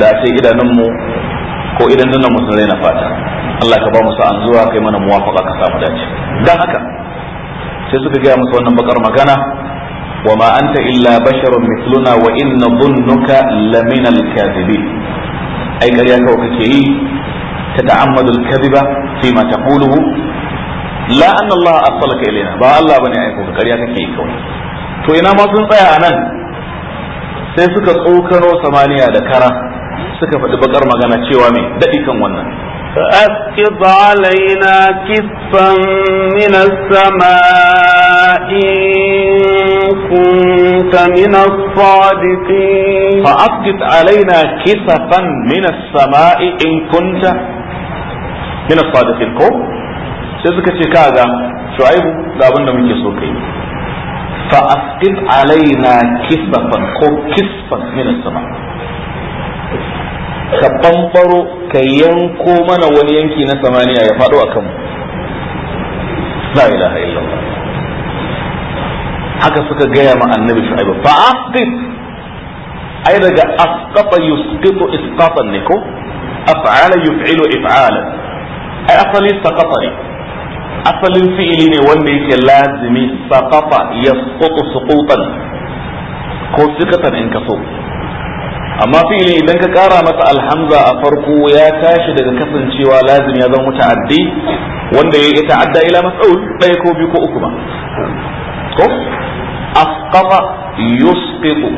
da ce idanun mu ko idan nan mu sun raina fata Allah ka ba mu sa'an zuwa kai mana muwafaka ka samu dace dan haka sai suka gaya musu wannan bakar magana وما أنت إلا بشر مثلنا وإن ظنك لمن الكاذبين أي قريك وككي تتعمد الكذب فيما تقوله لا أن الله أرسلك إلينا با الله بني أيكوك قريك كي كوي تو إنا ما سنطيع أنا sai suka tsokano samaniya da kara suka faɗi bakar magana cewa mai daɗi kan wannan فأسقط علينا كسفا من السماء كنت من الصادقين فأسقط علينا كسفا من السماء إن كنت من الصادقين كم سيزك شكاغا شعيب لابن من يسوكي فأسقط علينا كسفا كسفا من السماء ka bambaro ka yanko mana wani yanki na samaniya ya faɗo a kanmu la ilaha illallah haka suka gaya ma annabi shu'aibu fa asqif ai daga asqata yusqitu isqatan ne ko af'ala yuf'ilu if'alan ai asali saqata ne asalin fi'ili ne wanda yake lazimi saqata yasqutu suqutan ko sikatan in ka so amma fi'ili idan ka kara masa alhamza a farko ya tashi daga kasancewa lazim ya zama muta'addi wanda ya yi ta'adda ila mas'ul ɗaya ko biyu ko uku ba ko asqata yusqitu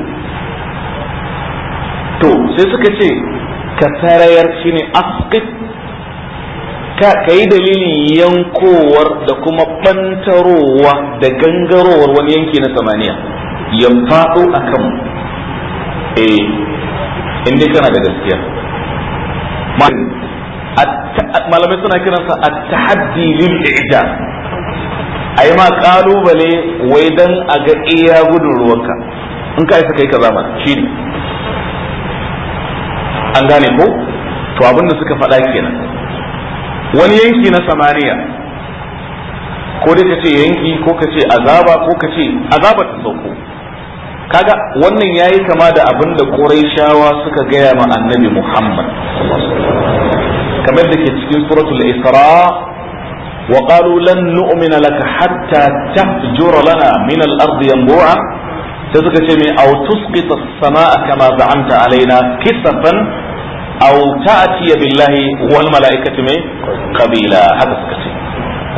to sai suka ce ka tarayar shine asqit ka kai dalilin yankowar da kuma bantarowa da gangarowar wani yanki na samaniya ya faɗo a kanmu eh in dai kana da gaskiya malamai suna kiransa a tahaddi lil ida a yi ma kalubale wai dan a ga iya gudun ruwanka in ka isa kai ka zama shi ne an gane ko to abin da suka faɗa kenan wani yanki na samaniya ko dai ka ce yanki ko ka ce azaba ko ka ce azaba ta sauko kaga wannan yayi kama da abin da shawa suka gaya ma Annabi Muhammad kamar da ke cikin suratul Isra wa qalu lan nu'mina laka hatta tahjura lana min al-ard yanbu'a suka ce mai aw tusqita as-samaa kama za'anta alaina kisafan aw ta'ti billahi wal mala'ikati mai qabila haka suka ce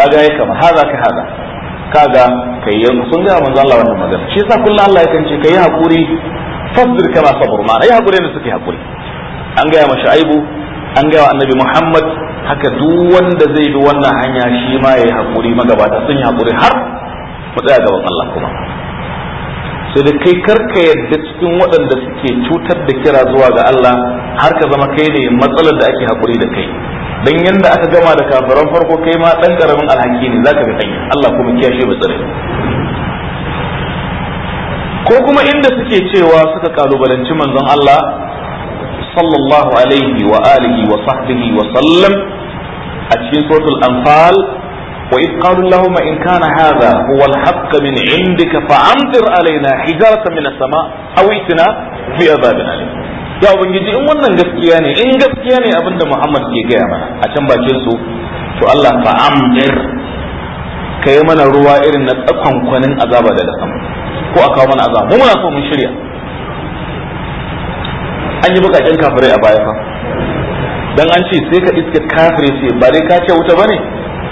kaga yayi kama hada ka hada kaga kai yanzu sun ga manzo Allah wannan magana shi yasa kullu Allah ya kance kai hakuri fasir kama sabr ma ai hakuri ne suke hakuri an ga ya aibu an ga annabi Muhammad haka duk wanda zai bi wannan hanya shi ma yayi hakuri magabata sun yi hakuri har mu tsaya gaban Allah kuma sai da kai karka yadda cikin waɗanda suke cutar da kira zuwa ga Allah har ka zama kai ne matsalar da ake hakuri da kai dan yadda aka gama da kafiran farko kai ma dan karamin alhaki ne zaka ga danya Allah kuma kiyashe ba tsare ko kuma inda suke cewa suka kalubalanci manzon Allah sallallahu alaihi wa alihi wa sahbihi wa sallam a cikin suratul anfal وإذ in kana إن كان هذا min الحق من عندك فأمطر علينا حجارة من السماء أو ائتنا بعذاب أليم ya ubangiji in wannan gaskiya ne in gaskiya ne abinda Muhammad ke gaya mana a can bakin su to Allah fa ka yi mana ruwa irin na tsakankwanin azaba daga sama ko a kawo mana azaba mu muna so mun shirya an yi bukakin kafirai a baya fa dan an ce sai ka iske kafire ce ba dai ka ce wuta bane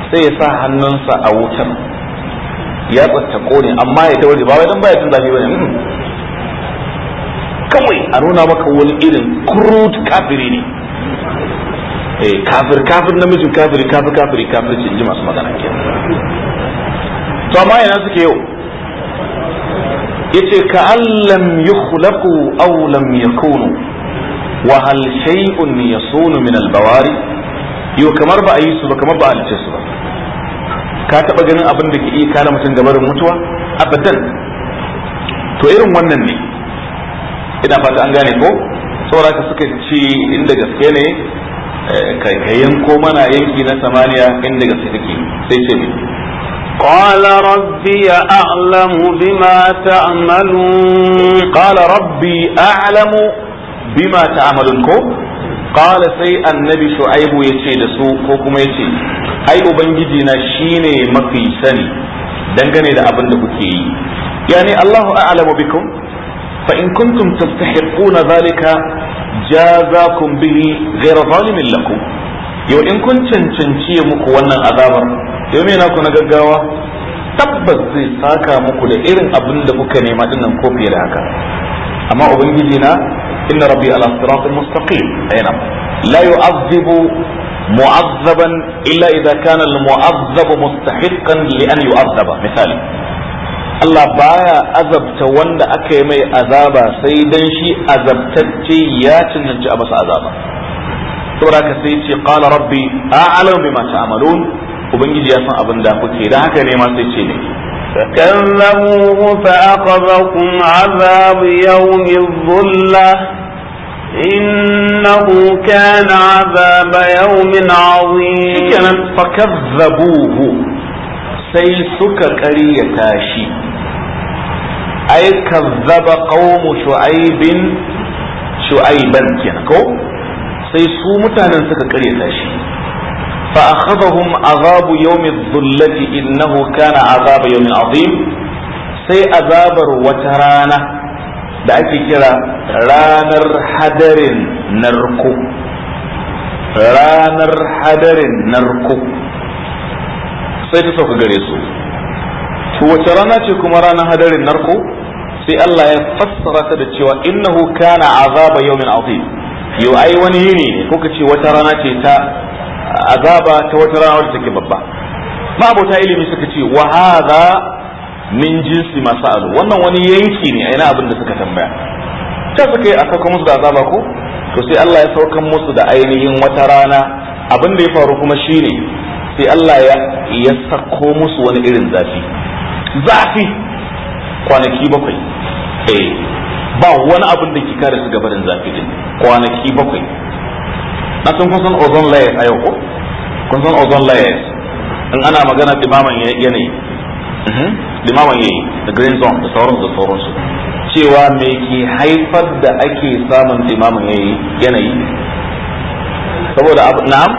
sai ya sa hannunsa a wutar ya tsattako ne amma ya ta daure ba wai dan baya tun zafi bane kawai a nuna maka wani irin crude kafiri ne eh kafir kafir mijin kafiri kafir kafiri kafir ce inji masu magana ke to amma yana suke yau yace ka allam yukhlaqu aw lam yakunu wa hal shay'un yasunu min al bawari yau kamar ba a yi su ba kamar ba a halice su ba ka taba ganin abin da ke iya kare mutum gaba da mutuwa abadan to irin wannan ne idan fata an gane ko saura ka suka ci inda gaske ne eh, kai kai yan mana yanki na samaniya inda gaske take sai ce qala rabbi a'lamu bima ta'malu qala rabbi a'lamu bima ta'malu ko qala sai annabi shu'aib yace da su ko kuma yace ai ubangiji na shine mafi sani dangane da abin da kuke yi yani Allahu a'lamu bikum فإن كنتم تستحقون ذلك جازاكم به غير ظالم لكم yau in kun cancanci muku wannan azabar yau na ku na gaggawa tabbas zai saka muku da irin abin da kuka nema dinnan ko fiye da haka amma ubangiji na inna rabbi ala siratul mustaqim ayna la yu'azzibu mu'azzaban illa idza kana al mu'azzab mustahiqqan li an yu'azzaba misali Allah baya azabta wanda aka yi mai azaba sai dan shi azabtacce ya cancanci a masa azaba saboda haka sai ce qala rabbi a'lamu bima ta'malun ubangiji ya san abin da kuke dan haka ne ma sai ce ne فكذبوه فأخذكم عذاب يوم الظلة إنه كان عذاب يوم عظيم فكذبوه sai suka ƙaryata shi ai kazzaba qaumu shu'aibin shu'aiban kenan ko sai su mutanen suka karyata shi fa akhadhahum azabu yawmi dhullati innahu kana azaba yawmin azim sai azabar wata rana da ake kira ranar hadarin narko ranar hadarin narko sai ta sauka gare su to wace rana ce kuma ranar hadarin narko sai Allah ya fassara ta da cewa innahu kana azaba yawmin azim yo ai wani yini ne ko kace wata rana ce ta azaba ta wata rana wadda take babba ma abota ilimi suka ce wa hadha min jinsi masalu wannan wani yanki ne aina abin da suka tambaya ta suka yi a sauka musu da azaba ko to sai Allah ya saukan musu da ainihin wata rana abin da ya faru kuma shine sai Allah ya sako musu wani irin zafi zafi kwanaki bakwai eh ba wani abin da ke kare su barin zafi din kwanaki bakwai na san kun san ozone layer a yau ko kun san ozone layer in ana magana limaman yanayi mhm. limaman yayi the green zone da sauran da su cewa me ke haifar da ake samun limaman yanayi saboda abu na'am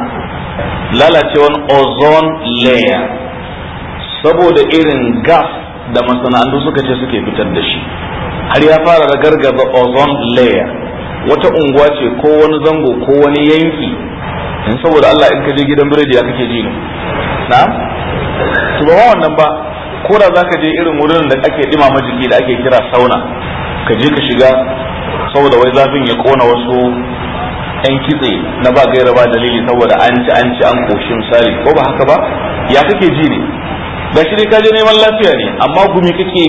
lalacewan ozone layer saboda irin gas da masana'antu suka ce suke fitar da shi har ya fara da gargaba ozone layer wata unguwa ce ko wani zango ko wani yanki in saboda Allah in ka je gidan biredi ya kake ji ne na to ba wannan ba ko da zaka je irin wurin da ake dimama jiki da ake kira sauna ka je ka shiga saboda wai zafin ya kona wasu yan kitse na ba gairaba dalili saboda an ci an ci an koshi misali ko ba haka ba ya kake ji ne ga shi dai kaje neman lafiya ne amma gumi kake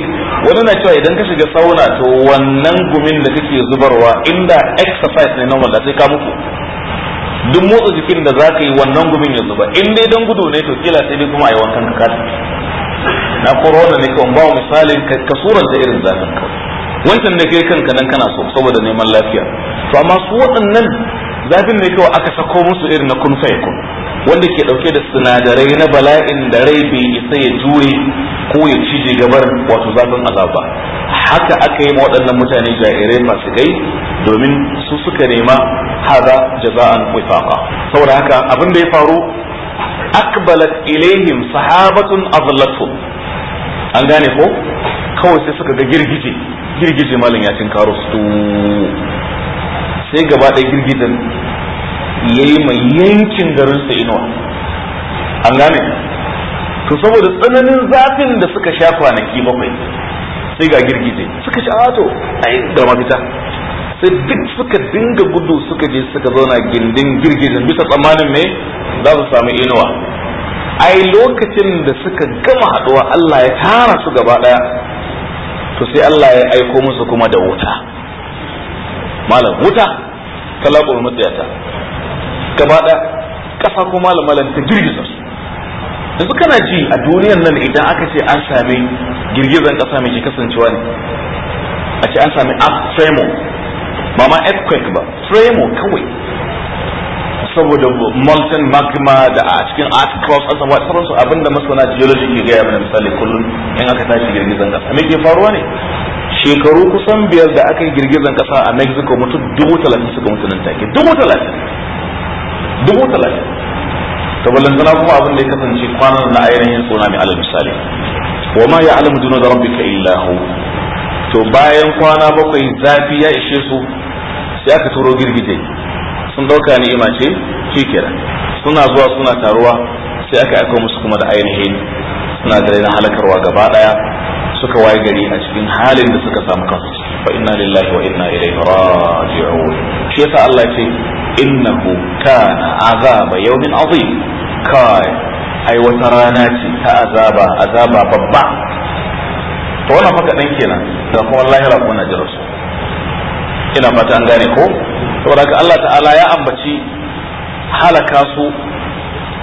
wani na cewa idan ka shiga sauna to wannan gumin da kake zubarwa inda exercise ne normal da sai ka muku duk motsa jikin da za ka yi wannan gumin ya zuba in dai don gudu ne to kila sai dai kuma a yi wankan ka kada na corona ne kawai ba misalin ka suranta irin zafin wancan da kai kanka nan kana so saboda neman lafiya to amma su waɗannan zafin ne kawai aka sako musu irin na kun kun, wanda ke dauke da sinadarai na bala'in da rai bai isa ya jure ko ya cije gabar wato zafin azaba haka aka yi waɗannan mutane jairai masu gai domin su suka nema haza jaza'an wifaqa saboda haka abin da ya faru akbalat ilaihim sahabatun azlatu an gane ko kawai sai suka ga girgije girgije malam ya tinkaro su sai gaba ɗaya girgizan ya yi mai yankin sa inuwa an gane to saboda tsananin zafin da suka sha kwanaki bakwai sai ga girgije suka sha wato a yi da mafita sai duk suka dinga gudu suka je suka zauna gindin girgijin bisa tsammanin mai za su samu inuwa ai lokacin da suka gama haɗuwa Allah ya tara su gaba ɗaya to sai Allah ya aiko musu kuma da wuta malam wuta ka labar matsayata gaba da kasa ko malam malam ta girgiza su yanzu kana ji a duniyan nan idan aka ce an sami girgizan kasa mai ke kasancewa ne a ce an sami tremo ba ma earthquake ba tremo kawai saboda molten magma da a cikin art cross an samu sauransu abinda masana geology ke gaya mana misali kullum in aka tashi girgizan kasa mai ke faruwa ne shekaru kusan biyar da aka yi girgizan kasa a mexico mutum dubu talatin suka mutu nan take dubu talatin dubu talatin to zana kuma abin da ya kasance kwanan na ainihin tsunami alal misali wa ma ya alamu duna da rabbika illa hu to bayan kwana bakwai zafi ya ishe su sai aka turo girgije sun dauka ima ce shikenan suna zuwa suna taruwa sai aka aika musu kuma da ainihin suna da na halakarwa gaba daya suka waye gari a cikin halin da suka samu kansu fa inna lillahi wa inna ilaihi raji'un shi yasa Allah ya ce innahu kana azaba yawmin azim kai ai wata rana ce ta azaba azaba babba to wannan fa kadan kenan da kuma wallahi rabbuna na jirasu ina fata an gane ko saboda Allah ta'ala ya ambaci halaka su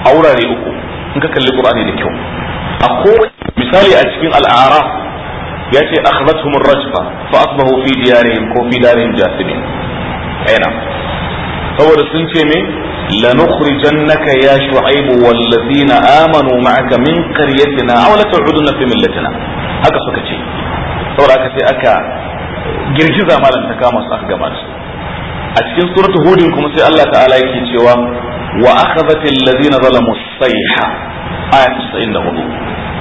a wurare uku in ka kalli Qur'ani da kyau a misali a cikin al'ara ya ce akhadathum ar-rajfa fa asbahu fi diyarihim ko fi darihim jasimin aina saboda sun ce me lanukhrijannaka ya shu'aib wal ladina amanu ma'aka min qaryatina aw la ta'udunna fi millatina haka suka ce saboda haka sai aka girgiza malam ta kama su aka gama su a cikin suratul hudin kuma sai Allah ta'ala yake cewa wa akhadhat alladhina zalamu as-sayha ayat 94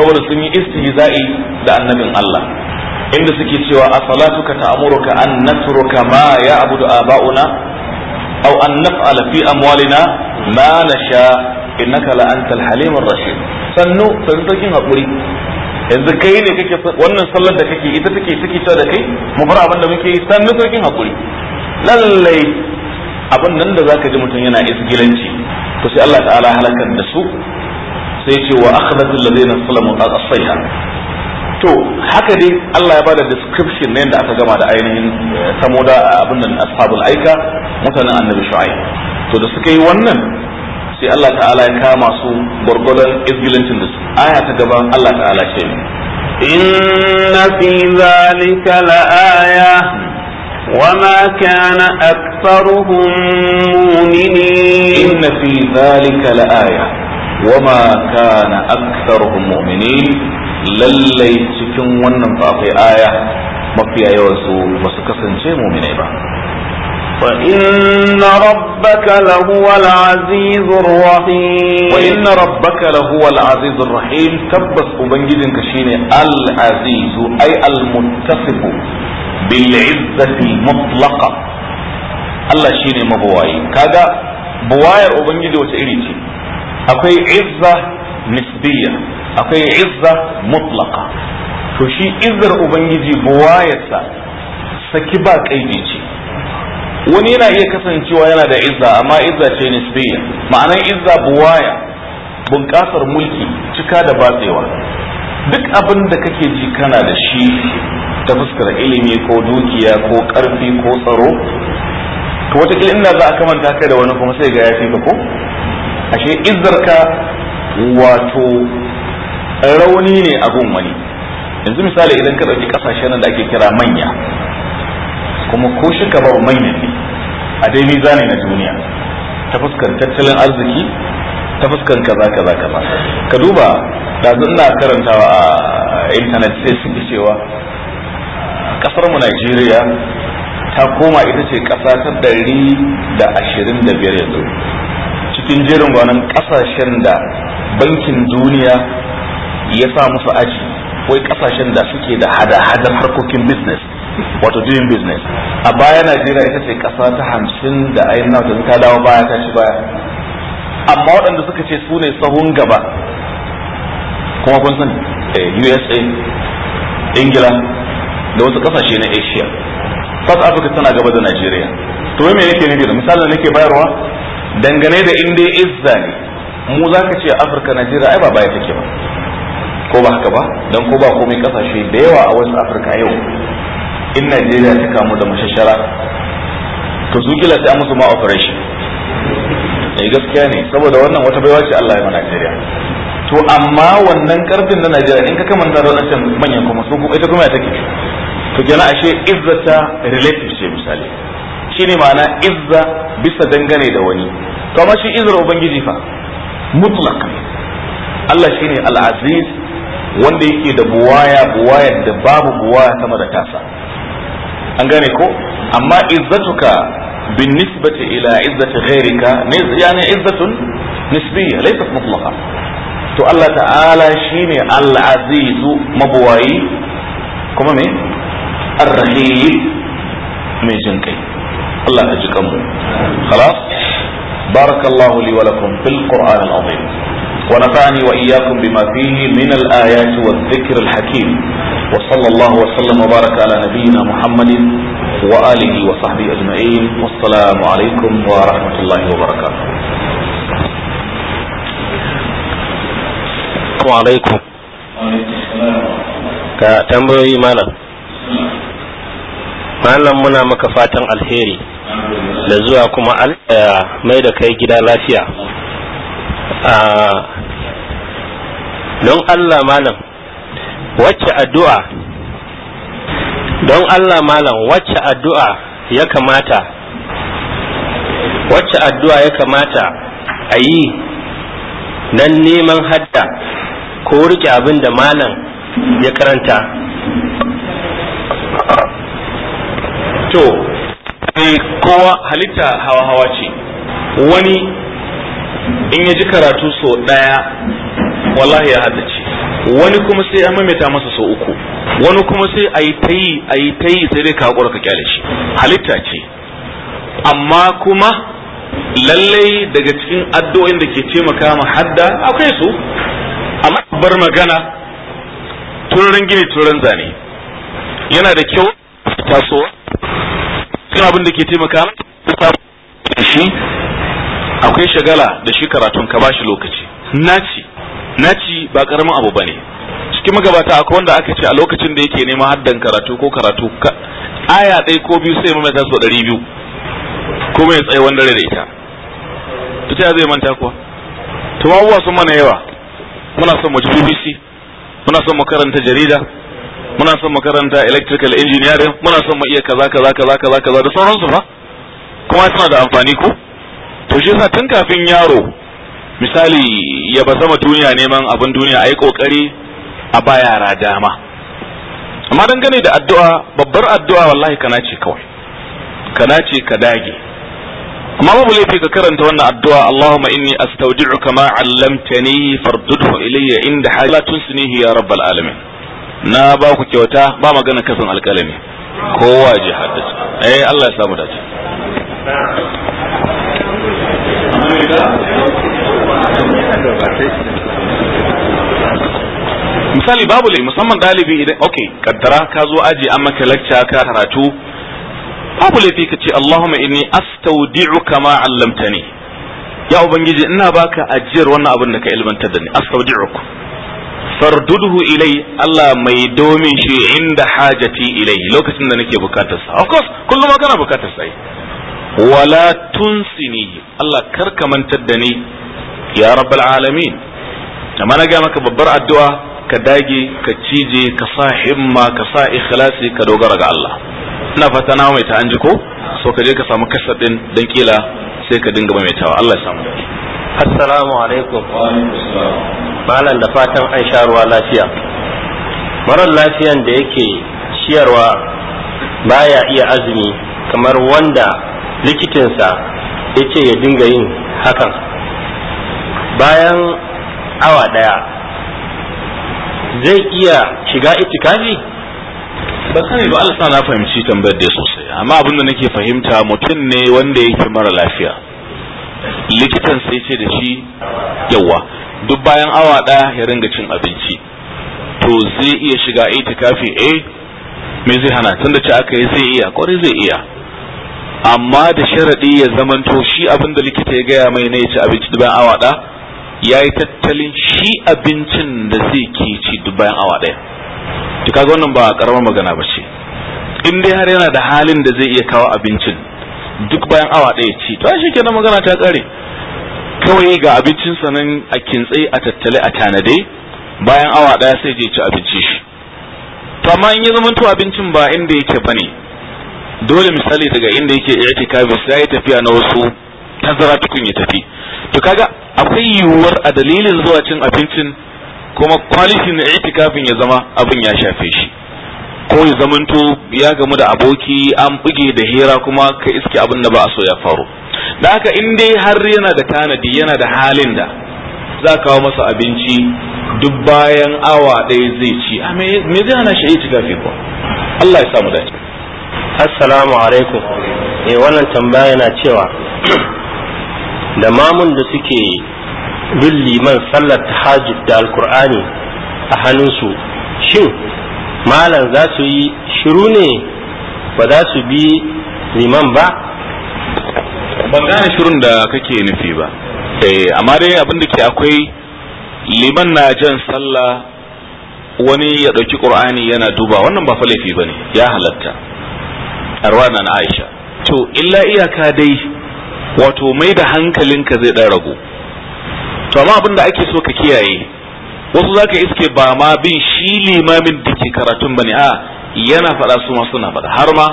saboda sun yi istihza'i da annabin Allah inda suke cewa a salatuka ta'muruka an natruka ma ya'budu aba'una aw an naf'ala fi amwalina ma nasha innaka la antal halimur rashid sannu santokin hakuri yanzu kai ne kake wannan sallar da kake ita take take cewa da kai mu bar abin da muke yi sannu saukin hakuri lallai abin nan da zaka ji mutum yana isgilanci to sai Allah ta'ala halakar da su sai ce wa akhadhat alladhina salamu as-sayha to haka dai Allah ya bada description ne da aka gama da ainihin samoda abin nan ashabul aika mutanen annabi shu'aib to da suka yi wannan sai Allah ta'ala ya kama su gurgurdan izgilancin da su aya ta gaba Allah ta'ala ce إن في ذلك لآية وما كان أكثرهم مؤمنين إن في ذلك لآية wama kana aktharuhum mu'minin lallai cikin wannan fa aya mafiya yawan ba su kasance mu'minai ba وإن ربك لهو العزيز الرحيم وإن ربك لهو العزيز الرحيم تبس أبنجد كشيني العزيز أي المتصف بالعزة Allah shi ne mabuwayi kaga buwayar ubangiji wata iri ce akwai izza nisbiya akwai izza mutlaka to shi izzar ubangiji buwayarsa saki ba kaidi ce wani yana iya kasancewa yana da izza amma izza ce nisbiya ma'anar izza buwaya bunƙasar mulki cika da batsewa duk abin da kake ji kana da shi ta fuskar ilimi ko dukiya ko ƙarfi ko tsaro to wataƙila inda za a kamanta kai da wani kuma sai ga ya fi ko ashe izzarka wato rauni ne a gun wani yanzu misali idan ka ɗauki ƙasashen nan da ake kira manya kuma ko ka ba manyan ne a dai zane na duniya ta fuskar tattalin arziki ta fuskar kaza kaza kaza ka duba da na karantawa a intanet sai suke cewa kasar mu Najeriya ta koma ita ce ƙasa ta ɗari da ashirin da biyar yanzu cikin jerin gwanon kasashen da bankin duniya ya sa musu aji wai kasashen da suke da hada-hadar harkokin business wato doing business a baya najeriya ita ce kasa ta hamsin da na, nautin ta dawo baya ta ci baya amma waɗanda suka ce su ne sahun gaba kuma kun sani eh, usa ingila da wasu kasashe na asia south africa tana gaba da najeriya to me yake nufi da misalin nake bayarwa dangane da in ya izza ne mu za ka ce afirka najeriya ai ba baya take ba ko ba haka ba don ko ba komai kasashe da yawa a wasu afirka yau in najeriya ta kamu da mashashara to su kila sai musu ma operation eh gaskiya ne saboda wannan wata baiwa ce Allah ya ma Najeriya to amma wannan karfin na Najeriya in ka kamanta da wadannan manyan kuma su ita kuma ya take to kenan ashe izzata relative ce misali shine ma'ana izza bisa dangane da wani to amma shi izzar ubangiji fa mutlaq Allah shine al-aziz wanda yake da buwaya buwaya da babu buwaya sama da tasa an gane ko amma izzatuka bin nisbati ila izzati ghairika yani izzatun nisbiyya laysat mutlaqa to Allah ta'ala shine al-aziz mabuwayi kuma me ar-rahim mai jin kai الله يجيكم خلاص بارك الله لي ولكم في القرآن العظيم ونفعني وإياكم بما فيه من الآيات والذكر الحكيم وصلى الله وسلم وبارك على نبينا محمد وآله وصحبه أجمعين والسلام عليكم ورحمة الله وبركاته وعليكم ka tambayoyi malam malam muna maka fatan alheri da zuwa kuma eh, mai da kai gida lafiya ah, don allah malam wacce addu'a don allah malam wacce addu'a ya kamata wacce addu'a ya kamata a yi nan neman hadda ko rike abin da malam ya karanta to eh, kowa halitta hawa-hawa ce wani in ya ji karatu so ɗaya wallahi ya haddace wani kuma sai an maimaita masa so uku wani kuma sai a yi ta yi a yi ta yi sai dai ka haƙura ka kyale shi halitta ce amma kuma lallai daga cikin addu'o'in da ke taimaka ma hadda akwai su amma bar magana turin gini turin zane yana da kyau Tasowa. cikin abin da ke taimaka da shi akwai shagala da shi karatun ka bashi lokaci naci naci ba karamin abu bane cikin magabata akwai wanda aka ce a lokacin da yake neman haddan karatu ko karatu aya ɗaya ko biyu sai mamaita su ɗari biyu ko ya tsaye wanda da ita ya zai manta kuwa to abubuwa sun mana yawa muna son mu ji bbc muna son mu karanta jarida muna son makaranta electrical engineering muna son mu iya kaza kaza kaza kaza kaza da sauransu fa kuma suna da amfani ko to shi yasa tun kafin yaro misali ya ba sama duniya neman abin duniya ayi kokari a ba yara dama amma dangane da addu'a babbar addu'a wallahi kana ce kawai kana ce ka dage amma babu laifi ka karanta wannan addu'a Allahumma inni astawdi'uka ma 'allamtani fardudhu ilayya inda halatun sunihi ya rabbal alamin na ba ku kyauta ba magana kasan alƙalami kowa ji haddasa eh Allah ya samu dace misali babu lai musamman ɗalibi idan ok kaddara ka zo aji an maka lacca ka karatu babu laifi ka ce Allahumma inni astaudi'uka ma 'allamtani ya ubangiji ina baka ajiyar wannan abin da ka ilmantar da ni astaudi'uka farduduhu ilai Allah mai domin shi inda hajati ilai lokacin da nake bukatar sa of course kullum kana bukatar sa wala tunsini Allah kar ka mantar da ni ya rabbal alamin amma na ga maka babbar addu'a ka dage ka cije ka sa himma ka sa ikhlasi ka dogara ga Allah ina fata na mai ta an ko so ka je ka samu kasadin dan kila sai ka dinga tawa Allah ya samu assalamu alaikum malam da fatan an sha ruwa lafiya marar lafiyan da yake ciyarwa baya iya azumi kamar wanda likitinsa ya ce ya dinga yin hakan bayan awa daya zai iya shiga itikafi ba sani ba alsa na fahimci tambayar da sosai amma abin da nake fahimta mutum ne wanda yake mara lafiya likitan sai ce da shi yawa duk bayan awa ɗaya ya ringa cin abinci to zai iya shiga itikafi a eh, me zai hana tun da ci aka yi zai iya kwarai zai iya amma da sharaɗi ya zamanto shi abin da likita ya gaya mai na ya ci abinci duk bayan awa ɗaya ya yi tattalin shi abincin da zai ke ci duk bayan awa ɗaya to kaga wannan ba karamar magana ba ce in dai har yana da halin da zai iya kawo abincin duk bayan awa ɗaya ci to shi kenan magana ta ƙare. kawai ga abincin sanan a kintse a tattale a tanade bayan awa ɗaya sai je ci abinci shi to amma in ya zama to abincin ba inda yake bane dole misali daga inda yake i'tikafi sai tafiya na wasu tazara tukun ya tafi to kaga akwai yiwuwar a dalilin zuwa cin abincin kuma kwalifin na i'tikafin ya zama abin ya shafe shi ko ya zamanto ya gamu da aboki an buge da hira kuma ka iske abin da ba a so ya faru da haka in dai har yana da tanadi yana da halin da za kawo masa abinci duk bayan awa ɗaya zai ci "A ah, me zai hana shi ci gafi ko Allah ya samu dace assalamu alaikum eh wannan tambaya yana cewa da mamun da suke bin liman sallar tahajjud da alkur'ani a hannunsu shin malam za su yi shiru ne ba za su bi liman ba ban gane shirun da kake nufi ba eh amma dai abin da ke akwai liman na jan sallah wani ya ɗauki ƙur'ani yana duba wannan ba laifi ba ne ya halatta na aisha to illa iyaka dai wato mai da hankalinka zai ɗan ragu to amma abin da ake so ka kiyaye wasu zaka iske ba ma bin shi limamin da ke karatun bane a yana faɗa su ma suna faɗa har ma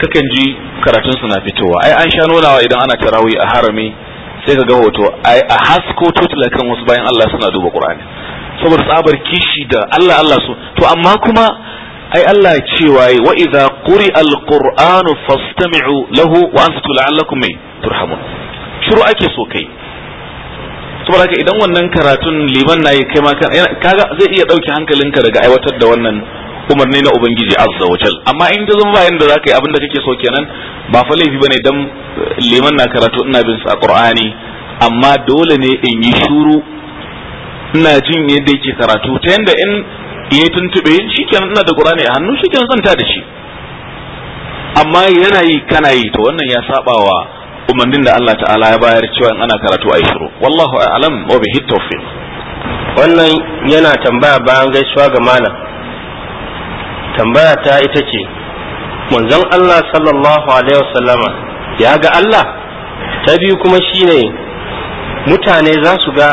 kakan ji karatun suna fitowa ai an sha nunawa idan ana tarawi a harami sai ka ga hoto ai a hasko tutula kan wasu bayan Allah suna duba Qur'ani saboda tsabar kishi da Allah Allah su to amma kuma ai Allah cewa wa idza ƙuri al-qur'anu fastami'u lahu wa ansitu la'allakum turhamun shiru ake so kai saboda haka idan wannan karatun liman na yi kai ma kaga zai iya ɗauke hankalinka daga aiwatar da wannan umarni na ubangiji azza wa jal amma in ta zama bayan da za ka yi abin da kake so kenan ba fa laifi bane dan eh, liman na karatu ina bin sa qur'ani amma dole ne in yi shuru ina jin yadda yake karatu ta yanda in ya tuntube shikenan ina da qur'ani a hannu shikenan zan ta da shi amma yana yi kana yi to wannan ya sabawa umarnin da Allah ta'ala ya bayar cewa ana karatu ayi shiru wallahu a'lam wa bihi tawfiq wannan yana tambaya bayan gaisuwa ga malam tambaya ta ita ce manzon Allah sallallahu alaihi wasallama ya ga Allah ta biyu kuma shine mutane za su ga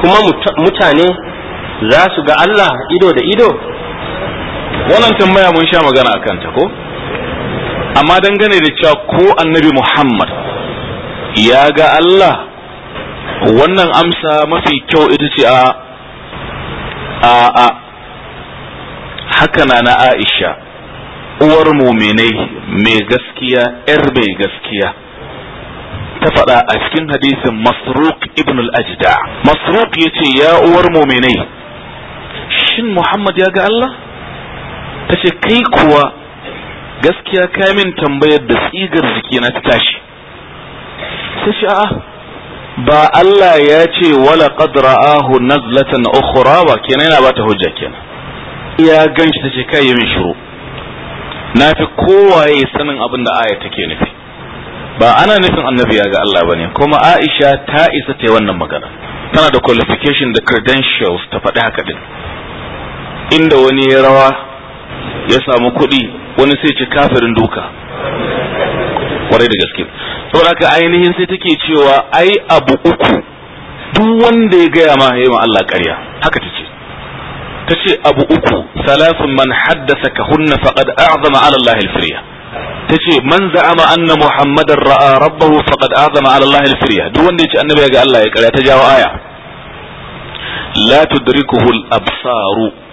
kuma mutane za su ga Allah ido da ido wannan tambaya mun sha magana akan ta ko amma dangane da cewa ko annabi Muhammad ya ga Allah wannan amsa mafi kyau ita ce a a a haka na na Aisha uwar muminai mai gaskiya yar mai gaskiya ta faɗa a cikin hadisin masruk ibn al-ajda masruk ya ce ya uwar muminai shin muhammad ya ga allah ta ce kai kuwa gaskiya ka min tambayar da tsigar jiki na ta tashi sai shi a'a ba Allah ya ce wala qad ra'ahu nazlatan ukhra wa kenan yana bata hujja kenan ya ganshi tace kai min shiru na fi kowaye sanin abin da aya take nufi ba ana nufin annabi ya ga Allah bane kuma Aisha ta isa ta wannan magana tana da qualification da credentials ta faɗi haka din inda wani ya rawa ya samu kuɗi wani sai ci kafirin duka kwarai da gaske saboda haka ainihin sai take cewa ai abu uku duk wanda ya gaya ma yayi Allah ƙarya haka ta ce ta ce abu uku salafin man haddasa ka hunna faqad a'zama ala Allah al-firya ta ce man za'ama anna muhammadan ra'a rabbahu faqad a'zama ala Allah al-firya duk wanda ya ce annabi ya ga Allah ya ƙarya ta jawo aya la tudrikuhu al-absaru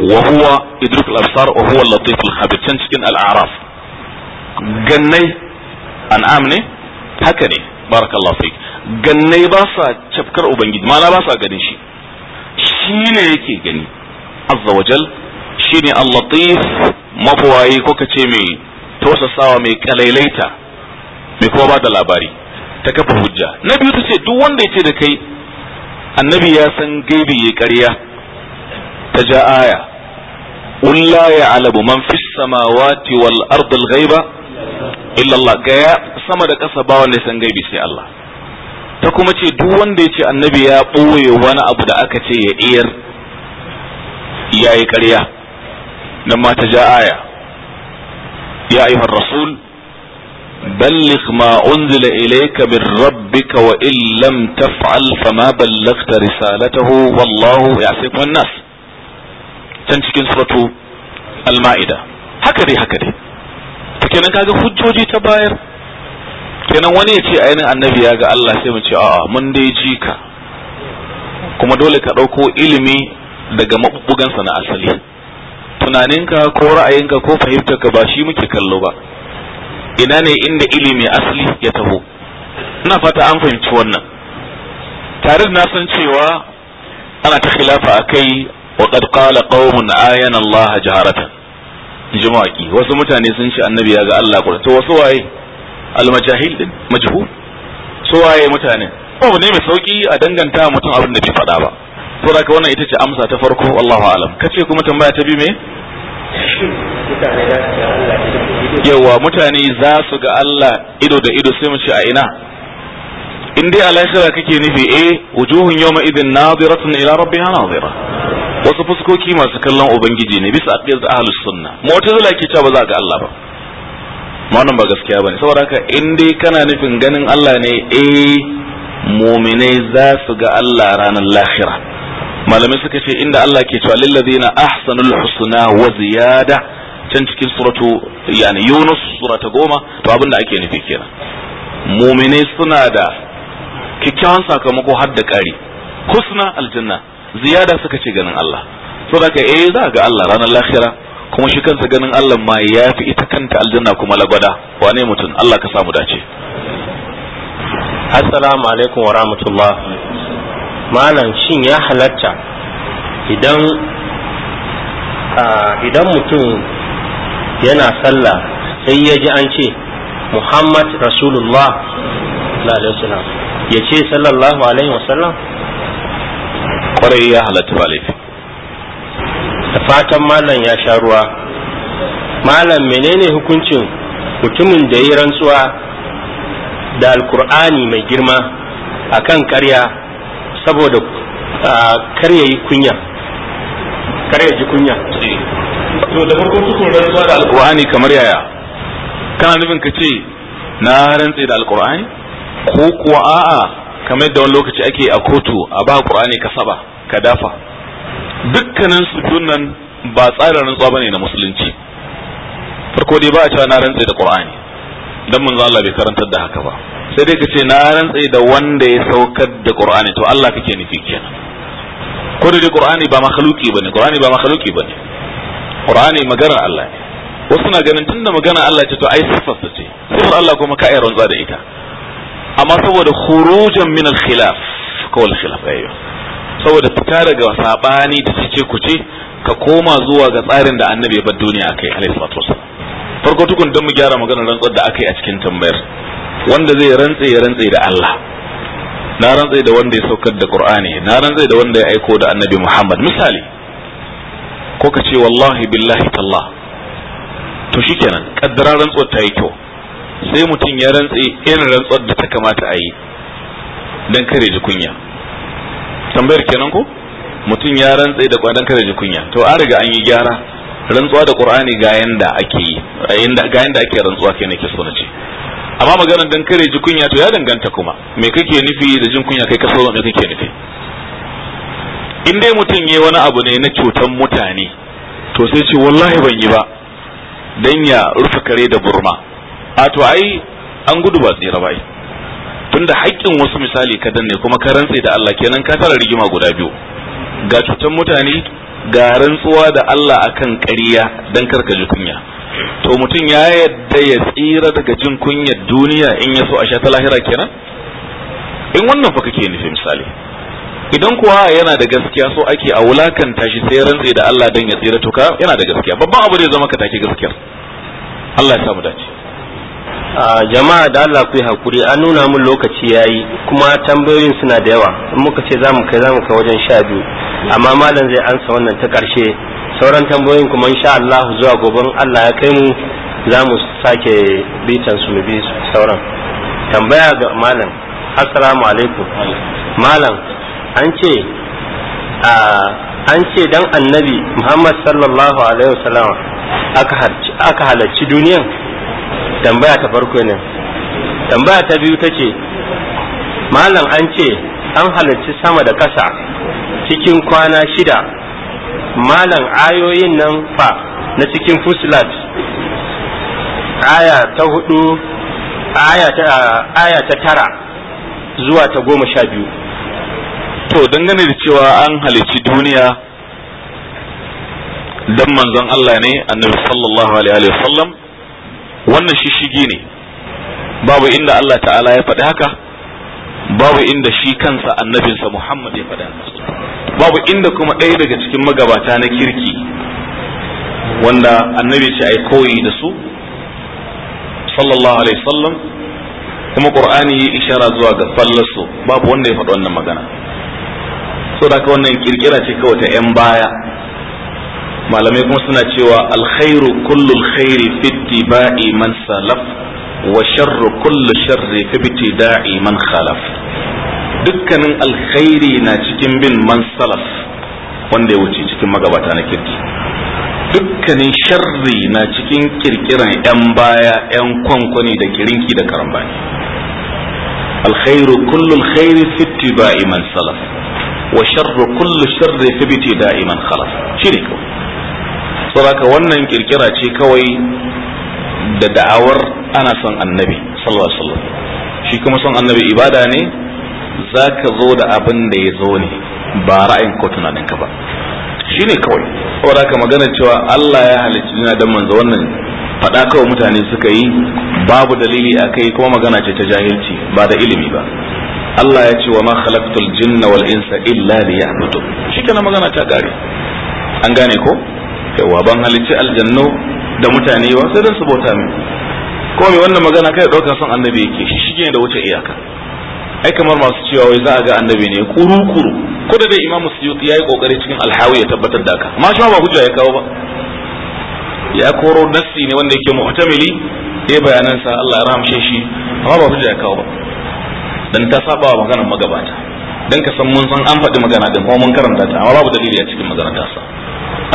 Wahuwa huwa idrikul absar latif al can cikin al'araf. araf gannai an'am haka ne barakallahu gannai ba sa cafkar ubangiji mana basa sa ganin shi shine yake gani azza wajal shine al-latif mabuwayi ko kace mai tausasawa mai kalailaita mai kuma ba da labari ta hujja na biyu ta ce duk wanda ya ce da kai annabi ya san gaibi ya ƙarya تجا آية قل لا يعلم من في السماوات والأرض الغيبة إلا الله كيا سمد كسبا ونسان غيبي سي الله تكما تي دوان دي تي النبي يا قوي وانا أبو دعاك تي إير يا إكريا لما تجاء آية يا أيها الرسول بلغ ما أنزل إليك من ربك وإن لم تفعل فما بلغت رسالته والله يعصمك الناس can cikin suratu al-ma'ida haka dai haka dai to kenan kaga hujjoji ta bayar kenan wani ya ce ainihin annabi ya ga Allah sai mu ce a'a mun dai ji ka kuma dole ka ɗauko ilimi daga sa na asali tunaninka ko ra'ayinka ko fahimtarka ba shi muke kallo ba ina ne inda ilimi asali ya taho ina fata an fahimci wannan tare na san cewa ana ta khilafa akai وقد قال قوم آين الله جهرة جماعي wasu mutane sun ce annabi ga Allah wasu waye almajahil din su waye mutane abu ne mai sauki a danganta mutum abin da bai faɗa ba saboda ka ita ce amsa ta farko wallahu alam kuma tambaya ta bi me yawa mutane za su ga Allah ido da ido sai mu ce a ina in dai a kake nufi eh wujuhun yawma idin nadiratun ila rabbiha nadira wasu fuskoki masu kallon ubangiji ne bisa aqidar ahlus sunna zala ke cewa ba za ga Allah ba wannan ba gaskiya bane saboda haka in dai kana nufin ganin Allah ne eh mu'minai za su ga Allah ranar lahira malamai suka ce inda Allah ke cewa lillazina ahsanul husna wa ziyada can cikin suratu yani Yunus surata goma to abinda ake nufi kenan mu'minai suna da kyakkyawan sakamako har da kari husna aljanna ziyada suka ce ganin Allah saboda ka eh za ga Allah ranar lahira kuma shi kansa ganin Allah ma ya fi ita kanta aljanna kuma labada wane mutum Allah ka samu dace assalamu alaikum wa rahmatullah malam shin ya halatta idan idan mutum yana sallah sai ya ji an ce muhammad rasulullah ya ce sallallahu alaihi wasallam kwarai ya halatta ba laifi da fatan malam ya sha ruwa malam menene hukuncin mutumin da yi rantsuwa da alkur'ani mai girma akan karya saboda karya yi kunya karya ji kunya eh. to da farko tukun rantsuwa da alkur'ani kamar yaya kana nufin ka ce na rantse da alkur'ani ko kuwa a'a kamar yadda wani lokaci ake a kotu a ba qur'ani ka saba ka dafa dukkanin su nan ba tsarin rantsuwa bane na musulunci farko dai ba a cewa na rantse da qur'ani dan manzo Allah bai karantar da haka ba sai dai kace na rantsa da wanda ya saukar da qur'ani to Allah kake nufi kenan ko da dai qur'ani ba makhluki bane qur'ani ba makhluki bane qur'ani magana Allah ne wasu na ganin tunda magana Allah ce to ai sifarsa ce sifar Allah kuma ka iya rantsa da ita amma saboda khurujan min al-khilaf al khilaf ayyo eh, saboda fita daga sabani da ku kuce ka koma zuwa ga tsarin da annabi ya bar duniya akai alayhi salatu wasallam farko tukun dan mu gyara maganar rantsar da akai a cikin tambayar wanda zai rantse ya rantse da Allah na rantse da wanda ya saukar da Qur'ani na rantse da wanda ya aiko da annabi Muhammad misali ko ka ce wallahi billahi tallah to shikenan kaddara rantsuwar ta yi kyau sai mutum ya rantse irin rantsuwar da ta kamata a yi don kare ji kunya tambayar kenan ko mutum ya rantse da kwadan kare ji kunya to an riga an yi gyara rantsuwa da qur'ani ga yanda ake yi ga yanda ake rantsuwa kenan ke so na ce amma maganar dan kare ji kunya to ya danganta kuma me kake nufi da jin kunya kai ka so me kake nufi in dai mutum yi wani abu ne na cutan mutane to sai ce wallahi ban yi ba dan ya rufe kare da burma a to ai an gudu ba tsira ba tunda haƙƙin wasu misali ka danne kuma ka rantse da Allah kenan ka tara rigima guda biyu ga cutan mutane ga rantsuwa da Allah akan ƙarya dan karka ji kunya to mutum ya yadda ya tsira daga jin kunya duniya in ya so a sha ta lahira kenan in wannan fa kake nufi misali idan kuwa yana da gaskiya so ake a wulakanta shi sai rantse da Allah dan ya tsira to ka yana da gaskiya babban abu da ya zama ka take gaskiya, Allah ya samu dace jama'a da Allah ku yi hakuri an nuna mun lokaci yayi kuma tambayoyin suna da yawa in muka ce zamu kai zamu kai wajen sha biyu amma malam zai ansa wannan ta karshe sauran tambayoyin kuma insha Allah zuwa goben Allah ya kai mu zamu sake bitan su mu bi sauran tambaya ga malam assalamu alaikum malam an ce a an ce dan annabi Muhammad sallallahu alaihi wasallam aka halarci duniyan tambaya ta farko ne tambaya ta biyu ta ce malam an ce an halarci sama da ƙasa cikin kwana shida malam ayoyin nan fa na cikin fusilat aya ta hudu aya ta tara zuwa ta goma sha biyu to dangane da cewa an halarci duniya dan manzon Allah ne annabi sallallahu alaihi wasallam wannan shishigi ne babu inda Allah ta'ala ya faɗi haka babu inda shi kansa annabinsa Muhammad ya faɗi haka. babu inda kuma ɗaya daga cikin magabata na kirki wanda annabi ce ai koyi da su sallallahu alaihi wasallam kuma qur'ani ya ishara zuwa ga fallasu babu wanda ya faɗi wannan magana so da ka wannan kirkira ce kawai ta 'yan baya malamai kuma suna cewa alkhairu kullu alkhairi fi ittiba'i man salaf wa sharru kullu sharri fi ibtida'i man khalaf dukkanin alkhairi na cikin bin man salaf wanda ya wuce cikin magabata na kirki dukkanin sharri na cikin kirkiran yan baya yan kwankwani da kirinki da karambani alkhairu kullu alkhairi fi ittiba'i man salaf wa sharru kullu sharri fi ibtida'i man khalaf shine kawai saboda wannan kirkira ce kawai da da'awar ana son annabi sallallahu alaihi wasallam shi kuma son annabi ibada ne zaka zo da abin da ya zo ne ba ra'ayin ko tunanin ka ba shine kawai saboda haka magana cewa Allah ya halicci dina dan manzo wannan faɗa kawai mutane suka yi babu dalili a kai kuma magana ce ta jahilci ba da ilimi ba Allah ya ce wa ma khalaqtul jinna wal insa illa liya'budun shi kana magana ta gare an gane ko yawa ban halicci aljannu da mutane ba sai dan su bauta min ko me wannan magana kai daukar son annabi yake shi shige da wuce iyaka ai kamar masu cewa wai za a ga annabi ne kuru kuru ko da dai imamu suyuti yayi kokari cikin alhawi ya tabbatar da haka amma shi ba hujja ya kawo ba ya koro nassi ne wanda yake ya bayanan sa Allah ya rahamshe shi amma ba hujja ya kawo ba dan ta saba wa maganar magabata dan ka san mun san an faɗi magana din kuma mun karanta ta amma babu dalili a cikin maganar ta sa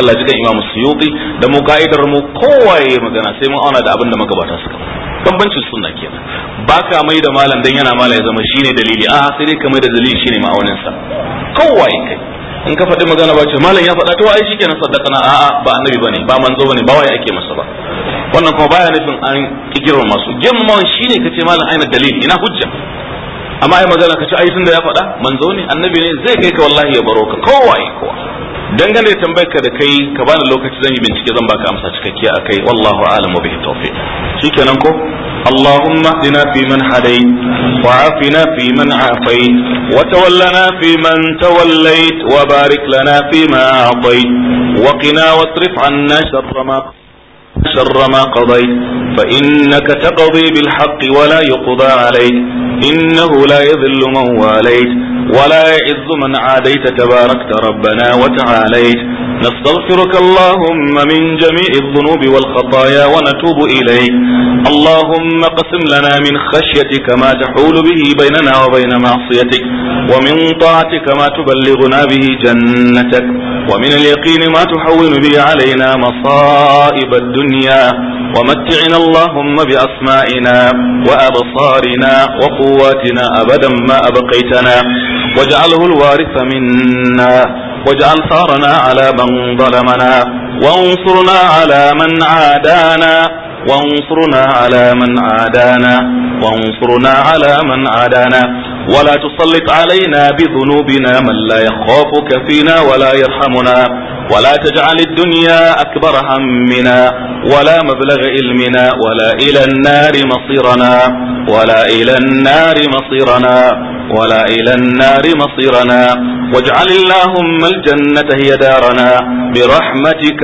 Allah ji kan Imam Suyuti da mu ka'idar mu kowaye magana sai mun auna da abin da magabata suka bambancin sunna kenan ba ka mai da malam dan yana mala ya zama shine dalili a sai dai ka mai da dalili shine ma'aunin sa kowaye kai in ka faɗi magana ba ce malam ya faɗa to ai shikenan saddaqana a a ba annabi bane ba manzo bane ba waye ake masa ba wannan kuma baya nufin an kikirma masu girman shine kace malam aina dalili ina hujja amma ai magana kace ai da ya faɗa manzo ne annabi ne zai kai ka wallahi ya baro ka kowaye kowa dangane da tambayar ka da kai ka bani lokaci zan yi bincike zan baka amsa cikakke akai wallahu a'lamu bihi tawfiq shikenan ko اللهم اهدنا فيمن هديت وعافنا فيمن عافيت وتولنا فيمن توليت وبارك لنا فيما اعطيت وقنا واصرف عنا شر ما شر ما قضيت فإنك تقضي بالحق ولا يقضى عليك إنه لا يذل من واليت ولا يعز من عاديت تباركت ربنا وتعاليت نستغفرك اللهم من جميع الذنوب والخطايا ونتوب إليك اللهم قسم لنا من خشيتك ما تحول به بيننا وبين معصيتك ومن طاعتك ما تبلغنا به جنتك ومن اليقين ما تحول به علينا مصائب الدنيا ومتعنا اللهم بأسمائنا وأبصارنا وقواتنا أبدا ما أبقيتنا واجعله الوارث منا واجعل ثارنا على من ظلمنا وانصرنا على من عادانا وانصرنا على من عادانا وانصرنا على من عادانا ولا تسلط علينا بذنوبنا من لا يخافك فينا ولا يرحمنا ولا تجعل الدنيا أكبر همنا ولا مبلغ علمنا ولا إلى النار مصيرنا ولا إلى النار مصيرنا ولا إلى النار مصيرنا واجعل اللهم الجنة هي دارنا برحمتك